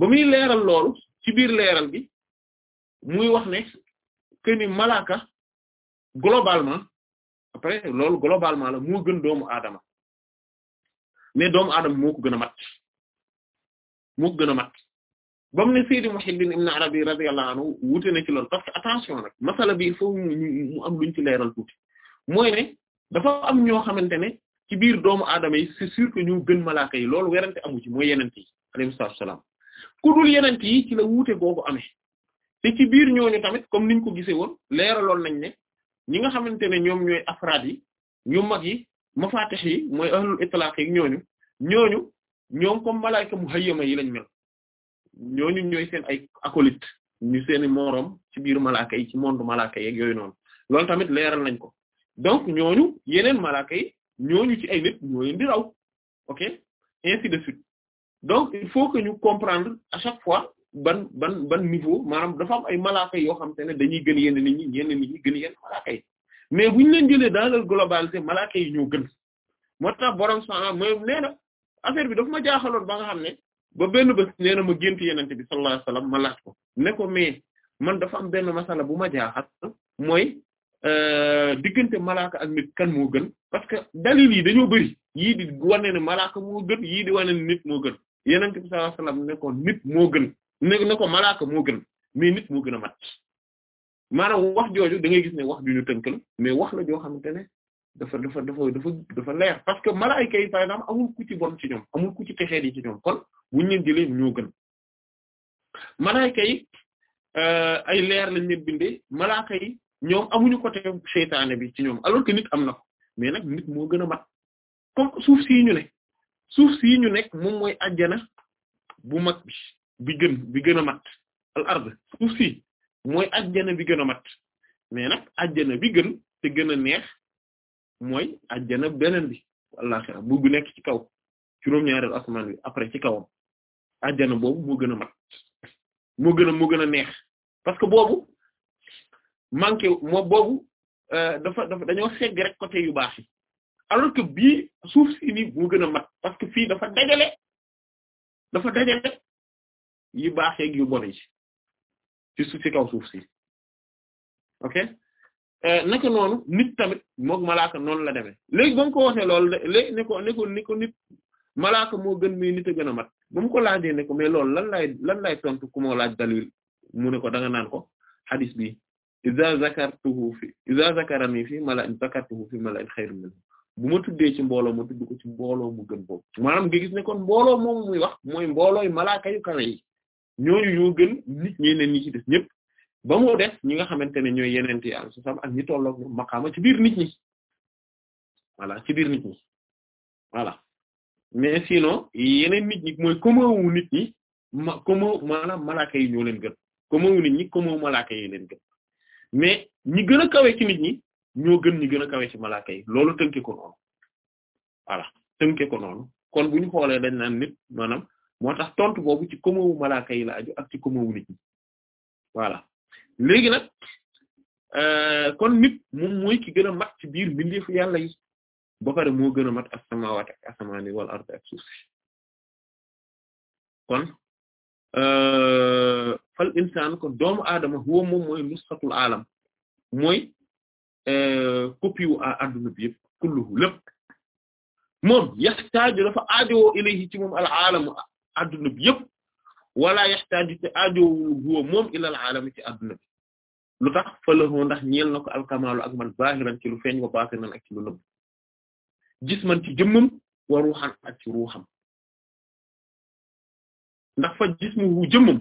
ba muy leeral loolu ci biir leeral bi muy wax ne que ni malaaka globalement après loolu globalement la mu gën doomu aadama mais doomu aadama moo gën a mat moo gën a mat ba mu ne Sayyid Muhiddin Ibn Arabi radiyallahu anhu wute na ci loolu parce que attention nag masala bi il mu am luñ ci leeral tuuti mooy ne dafa am ñoo xamante ne ci biir doomu aadama yi c'est sûr que ñu gën malaaka yi loolu werante amu ci mooy yenente yi salaam ku dul yenent yi ci la wuute googu amee te ci biir ñooñu tamit comme niñ ko gisee woon leeraloon nañ ne ñi nga xamante ne ñoom ñooy afraad yi ñu mag yi mafatih yi mooy ahlul itlaq yi ñooñu ñooñu ñoom comme malayka yi lañ mel ñooñu ñooy seen ay acolyte ñu seeni moroom ci biir malaaka yi ci monde malaaka yeeg yooyu noonu loolu tamit leeral nañ ko donc ñooñu yeneen malaaka yi ñooñu ci ay nit di raw ok ainsi de suite donc il faut que ñu comprendre à chaque fois ban ban ban niveau maanaam dafa am ay malaaka yoo xam te ne dañuy gën yenn nit ñi yenn nit ñi gën yenn malaaka yi mais bu ñu leen jëlee dans leur globalité malaaka yi ñoo gën moo tax borom subhaanahu mooy nee affaire bi dafa ma jaaxaloon ba nga xam ne ba benn bés nee na ma gént yenente bi sallallahu alayhi wasallam ma ko ne ko mais man dafa am benn masala bu ma jaaxal mooy euh, diggante malaaka ak nit kan moo gën parce que dalil yi dañoo bari yii di wane ne malaaka moo gën yii di wane nit moo gën yenent bi sallallahu alayhi ko nit moo gën ne ne ko malaaka moo gën mais nit moo gën a mat maanaam wax jooju da ngay gis ne wax ju ñu tënk la wax la joo xamante ne dafa dafa dafa dafa dafa leer parce que malaayika yi par exemple amul ku ci ñoom amul ku ci texee di ci ñoom kon buñ leen jëlee ñoo gën malaayika yi euh, ay leer lañ leen bindee malaaka yi ñoom amuñu côté seytaane bi ci ñoom alors que nit am na ko mais nag nit moo gën a mat comme suuf sii ne suuf sii ñu nekk moom mooy ajjana bu mag bi bi gën bi gën a mat al ard suuf sii mooy ajjana bi gën a mat mais nag ajjana bi gën te gën neex mooy ajjana beneen bi àllaxira bu bu nekk ci kaw juróom-ñaareelu asamaan bi après ci kawam ajjana boobu moo gën a mat moo gën a moo gën a neex parce que boobu manqué moo boobu euh, dafa dafa dañoo segg rek côté yu baax alors que bii suuf si nii moo gën a mat parce que fii dafa dajale dafa dajale yu baax yeeg yu bon yi ci su ci kaw suuf si ok euh, naka noonu nit tamit moog malaaka noonu la demee léegi ba ko waxee lool léegi ne ko ne ko nit malaaka moo gën muy nit a gën a mat ba mu ko laajee ne ko mais loolu lan lay lan lay tontu ku moo laaj dalil mu ne ko da naan ko hadis bi iza zakartuhu fi iza zakarani fi mala'in zakartuhu fi mala'in khayrun minhu bu ma tuddee ci mbooloo ma tudd ci mbooloo mu gën boobu maanaam nga gis ne kon mbooloo moom muy wax mooy mboolooy malaaka yu kawe yi ñooñu ñoo gën nit ñeneen ñi ci des ñëpp ba moo def ñi nga xamante ne ñooy yeneen yi am sasam ak ñi tolloog ci biir nit ñi voilà ci biir nit ñi voilà mais sinon yeneen nit ñi mooy commun wu nit ñi ma commun maanaam malaaka yi ñoo leen gën commun wu nit ñi malaaka yi leen gën mais ñi gën a kawe ci nit ñi ñoo gën ñi gën a kawe ci malaaka yi loolu tënke ko noonu voilà tënke kon bu ñu xoolee dañ naan nit maanaam moo tax tontu boobu ci komawu malaaka yi la aju ak ci komawu nit ñi voilà léegi euh, kon nit moom mooy ki gën a mat ci biir mbindeefu yàlla yi ba pare moo gën a mat as-samaawaati ak asamaani wal ardi ak suuf si kon euh, fal insaan kon doomu aadama huwa moom mooy nusxatul alam mooy Euh, copie wu àdduna bi yëpp kulluhu moom yaxtaaju dafa aajowoo ilayhi ci moom al aalamu adduna bi yëpp wala yaxtaaju te aajowul huwa moom ila al aalami ci adduna bi lu tax fëlahoo ndax ñeel na ko alkamaalu ak man zaahiran ci lu feeñ wa baatinan ak ci lu nëbb gis man ci jëmmam wa ruuxan ci ruuxam ndax fa jismuhu jëmmam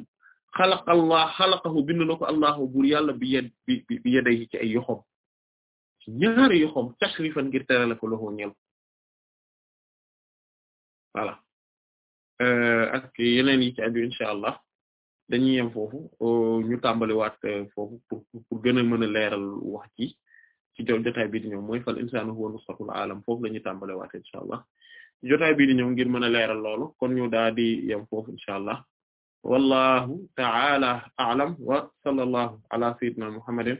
xalaqa allah xalaqahu bind na ko allahu buur yàlla bi yed bi ci ay yoxom ci ñaari yoxoom tashrifan ngir terale ko loxo ñeel voilà euh, ak yeneen yi ci aju incha allah dañuy yem foofu euh, ñu tàmbaliwaat euh, foofu pour pour gën a mën a leeral wax ci ci jotaay bii di ñëw mooy fal insaanu huwa nusratul alam foofu la ñuy tàmbaliwaat incha allah jotaay bii di ñoom ngir mën a leeral loolu kon ñu daal di yem foofu incha allah wallahu ta'ala a'lam wa sallallahu ala sayyidina muhammadin